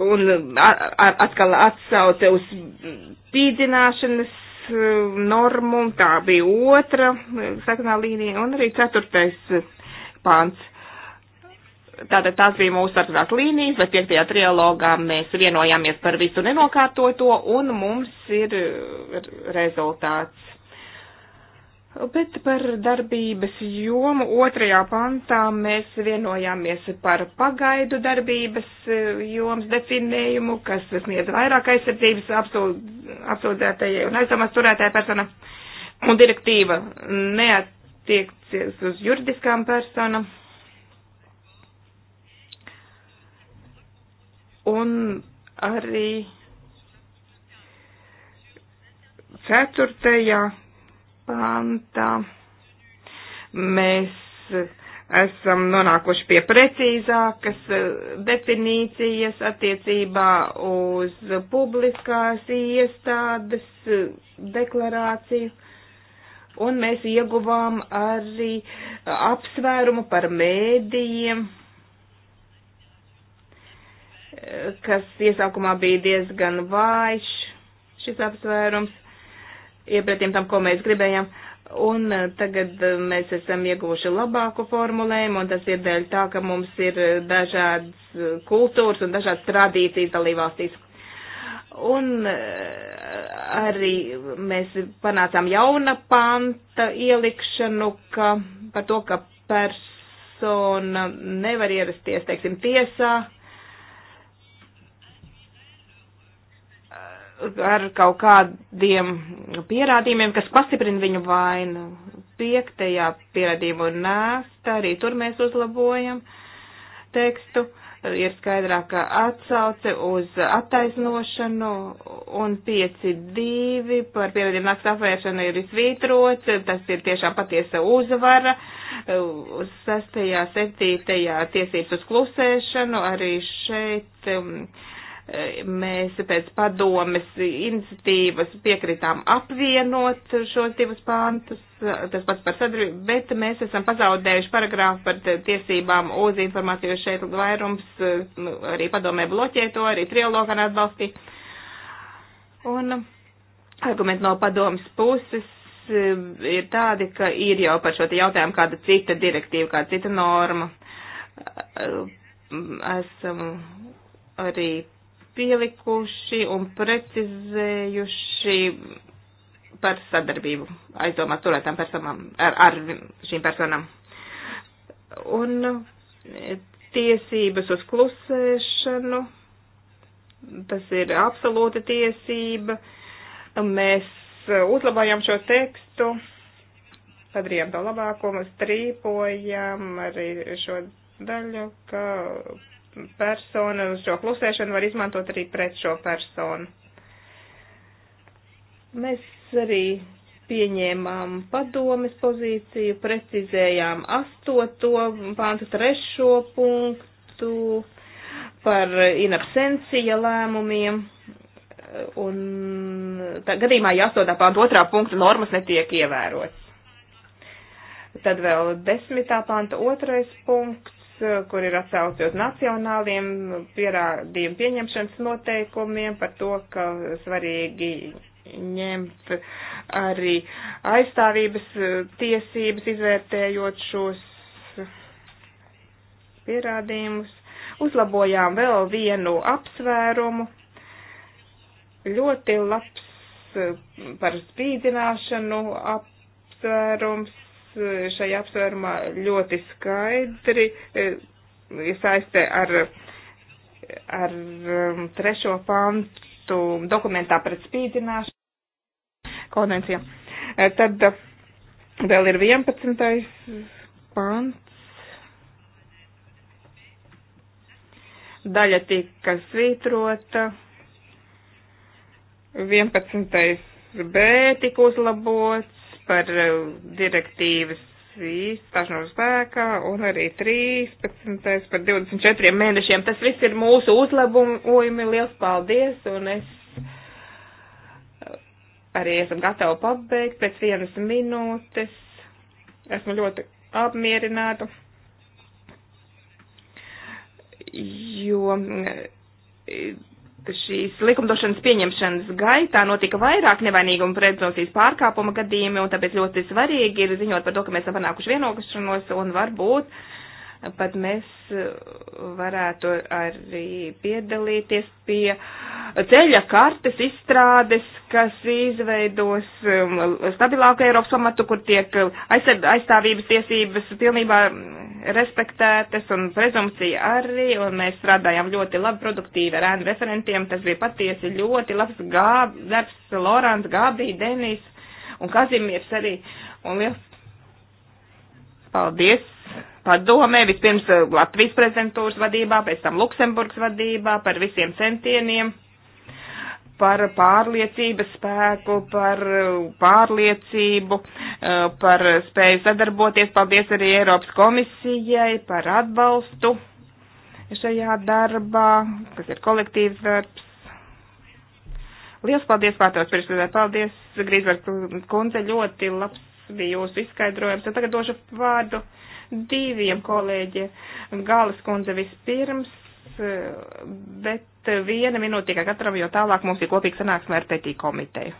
un atkal atsauce uz spīdzināšanas Eh, normu, tā bija otra sarkanā līnija un arī ceturtais eh, pāns. Tātad tās bija mūsu sarkanās līnijas, bet piektajā trialogā mēs vienojāmies par visu nenokārtoto un mums ir eh, rezultāts. Bet par darbības jomu otrajā pantā mēs vienojāmies par pagaidu darbības e, jomas definējumu, kas sniedz vairāk aizsardzības apsūdzētajai un aizdomās turētāja persona. Un direktīva neattiekties uz juridiskām personām. Un arī ceturtajā pantā mēs esam nonākuši pie precīzākas eh, definīcijas attiecībā uz publiskās iestādes eh, deklarāciju. Un mēs ieguvām arī eh, apsvērumu par mēdījiem, kas iesākumā bija diezgan vājš šis apsvērums iepratīm tam, ko mēs gribējām. Un eh, tagad eh, mēs esam ieguvuši labāku formulējumu, un tas ir dēļ tā, ka mums ir eh, dažādas kultūras un dažādas tradīcijas dalībvalstīs. Un arī mēs panācām jauna panta ielikšanu, ka par to, ka persona nevar ierasties, teiksim, tiesā, uh, ar kaut kādiem pierādījumiem, kas pastiprina viņu vainu. Piektajā pierādījumu nēsta, arī tur mēs uzlabojam tekstu, ir skaidrāka atsauce uz attaisnošanu, un 5.2 par pierādījumu nāks apvēršanu ir izvītrots, tas ir tiešām patiesa uzvara, 6.7. tiesības uz klusēšanu, arī šeit. Um, Mēs pēc padomes iniciatīvas piekritām apvienot šos divus pāntus, tas pats par sadarbību, bet mēs esam pazaudējuši paragrāfu par tiesībām uz informāciju šeit vairums, nu, arī padomē bloķē to, arī triologā atbalstī. Un argumenti no padomas puses eh, ir tādi, ka ir jau par šo jautājumu kāda cita direktīva, kāda cita norma. Eh, esam arī pielikuši un precizējuši par sadarbību aizdomā turētām personām, ar, ar šīm personām. Un e, tiesības uz klusēšanu, tas ir absolūta tiesība. Mēs uzlabojam šo tekstu, padarījām to labāko, mēs trīpojam arī šo daļu, ka persona, uz šo klusēšanu var izmantot arī pret šo personu. Mēs arī pieņēmām padomes pozīciju, precizējām astoto pāntu trešo punktu par inabsencija lēmumiem. Un tā gadījumā, ja astotā pānta otrā punkta normas netiek ievērotas. Tad vēl desmitā panta otrais punkts kur ir atsauci uz nacionāliem pierādījumu pieņemšanas noteikumiem par to, ka svarīgi ņemt arī aizstāvības eh, tiesības, izvērtējot šos pierādījumus. Uzlabojām vēl vienu apsvērumu. Ļoti labs eh, par spīdzināšanu apsvērums šajā apsvērumā ļoti skaidri e, saistē ar, ar um, trešo pantu dokumentā pret spīdzināšanu konvencijā. E, tad e, vēl ir 11. pants. Daļa tika svītrota. 11. B tika uzlabots, par eh, direktīvas izstāšanos spēkā un arī 13. par 24 mēnešiem. Tas viss ir mūsu uzlabojumi. Liels paldies! Un es eh, arī esmu gatava pabeigt pēc vienas minūtes. Esmu ļoti apmierināta, jo eh, šīs likumdošanas pieņemšanas gaitā notika vairāk nevainīguma pretzonsīs pārkāpuma gadījumi, un tāpēc ļoti svarīgi ir ziņot par to, ka mēs esam panākuši vienošanos, un varbūt pat mēs uh, varētu arī piedalīties pie ceļa kartes izstrādes, kas izveidos um, stabilāku Eiropas pamatu, kur tiek aizstāvības tiesības pilnībā respektētas un prezumcija arī, un mēs strādājām ļoti labi produktīvi ar ēnu referentiem, tas bija patiesi ļoti labs gāb, darbs, Lorāns, Gābī, Denis un Kazimieris arī, un liels paldies padomē, vispirms eh, Latvijas prezidentūras vadībā, pēc tam Luksemburgas vadībā par visiem centieniem, par pārliecības spēku, par eh, pārliecību, eh, par spēju sadarboties. Paldies arī Eiropas komisijai par atbalstu šajā darbā, kas ir kolektīvs darbs. Liels paldies pārtauts priekšsēdē. Paldies, Grīzvar kundze, ļoti labs bija jūsu izskaidrojums. Un tagad došu vārdu diviem kolēģiem Gāles kundze vispirms, bet viena minūte tikai katram, jo tālāk mums ir kopīgs sanāksme ar pētī komiteju.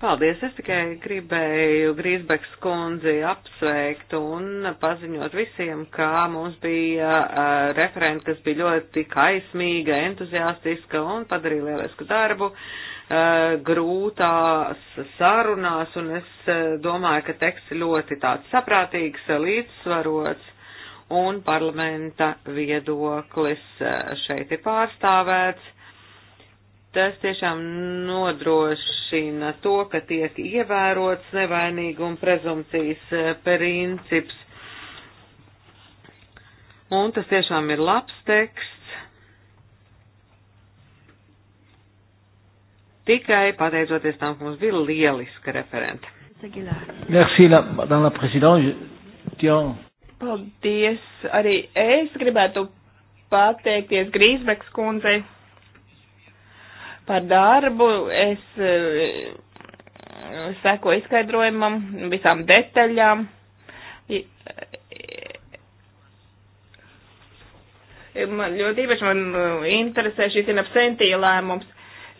Paldies, es tikai gribēju Grīsbeks kundzi apsveikt un paziņot visiem, ka mums bija uh, referenta, kas bija ļoti kaismīga, entuziastiska un padarīja lielisku darbu. Uh, Eh, grūtās sarunās, un es eh, domāju, ka teksts ļoti tāds saprātīgs, līdzsvarots, un parlamenta viedoklis eh, šeit ir pārstāvēts. Tas tiešām nodrošina to, ka tiek ievērots nevainīguma prezumcijas princips. Un tas tiešām ir labs teksts tikai pateicoties tam, ka mums bija lieliska referenta. Merci, madame la présidente. Paldies. Arī es gribētu pateikties Grīsbeks kundzei par darbu. Es eh, seko izskaidrojumam, visām detaļām. Eh, man ļoti īpaši man eh, interesē šis inapsentī lēmums.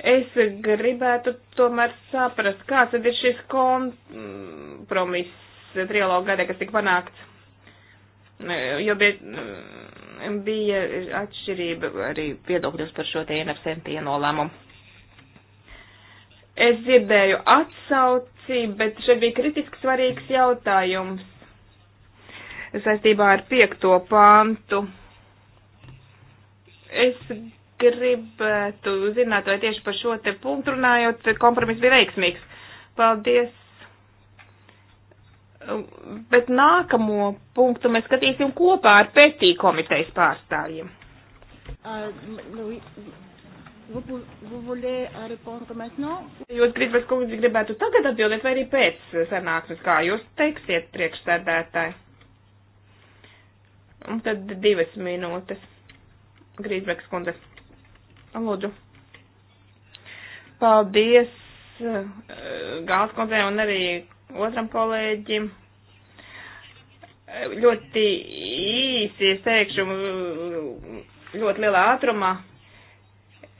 Es gribētu tomēr saprast, kāds tad ir šis kompromiss trialogu gadē, kas tika panākts. Jo bija, mm, bija atšķirība arī viedokļos par šo te NFC nolēmumu. Es dzirdēju atsauci, bet šeit bija kritiski svarīgs jautājums saistībā ar piekto pāntu. Es gribētu zināt, vai tieši par šo te punktu runājot, kompromiss bija veiksmīgs. Paldies. Bet nākamo punktu mēs skatīsim kopā ar pētī komitejas pārstāvjiem. Uh, nu, uh, jūs gribat, kungs, gribētu tagad atbildēt vai arī pēc sanāksmes, kā jūs teiksiet priekšsēdētāji? Un tad divas minūtes. Grīsbeks kundzes. Lūdzu. Paldies eh, Gāls kundzei un arī otram kolēģim. Eh, ļoti īsi es teikšu, ļoti lielā ātrumā.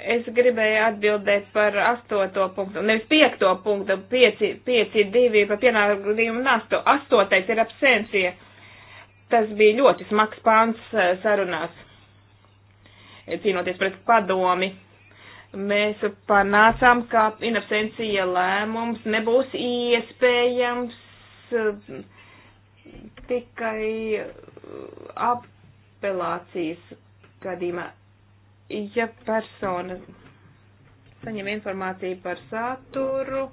Es gribēju atbildēt par astoto punktu, nevis piekto punktu, pieci, pieci divi par pienākumu nastu. Astotais ir absencija. Tas bija ļoti smags pāns eh, sarunās cīnoties pret padomi, mēs panācām, ka inabsencija lēmums nebūs iespējams eh, tikai eh, apelācijas gadījumā. Ja persona saņem informāciju par saturu,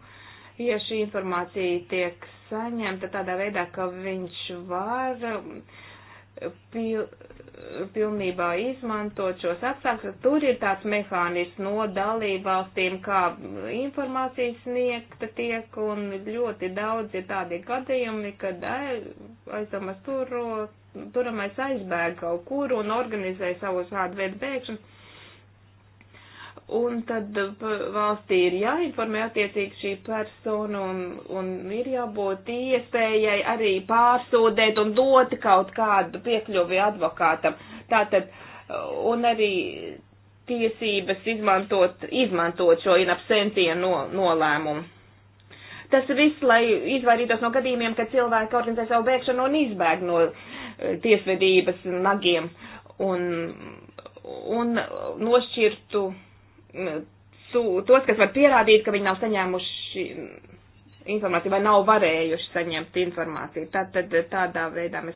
ja šī informācija tiek saņemta tādā veidā, ka viņš var uh, pil, pilnībā izmantot šos atsākļus. Tur ir tāds mehānisms no dalībvalstīm, kā informācija sniegta tiek, un ļoti daudz ir tādi gadījumi, kad aizdomās tur, turamais aizbēg kaut kur un organizē savus vārdu vietu bēgšanu Un tad valstī ir jāinformē attiecīgi šī persona un, un ir jābūt iespējai arī pārsūdēt un dot kaut kādu piekļuvi advokātam. Tātad, un arī tiesības izmantot, izmantot šo in absentie no, nolēmumu. Tas viss, lai izvairītos no gadījumiem, kad cilvēki organizē savu bēgšanu un izbēg no e, tiesvedības nagiem un, un nošķirtu tos, kas var pierādīt, ka viņi nav saņēmuši informāciju vai nav varējuši saņemt informāciju. Tātad tādā veidā mēs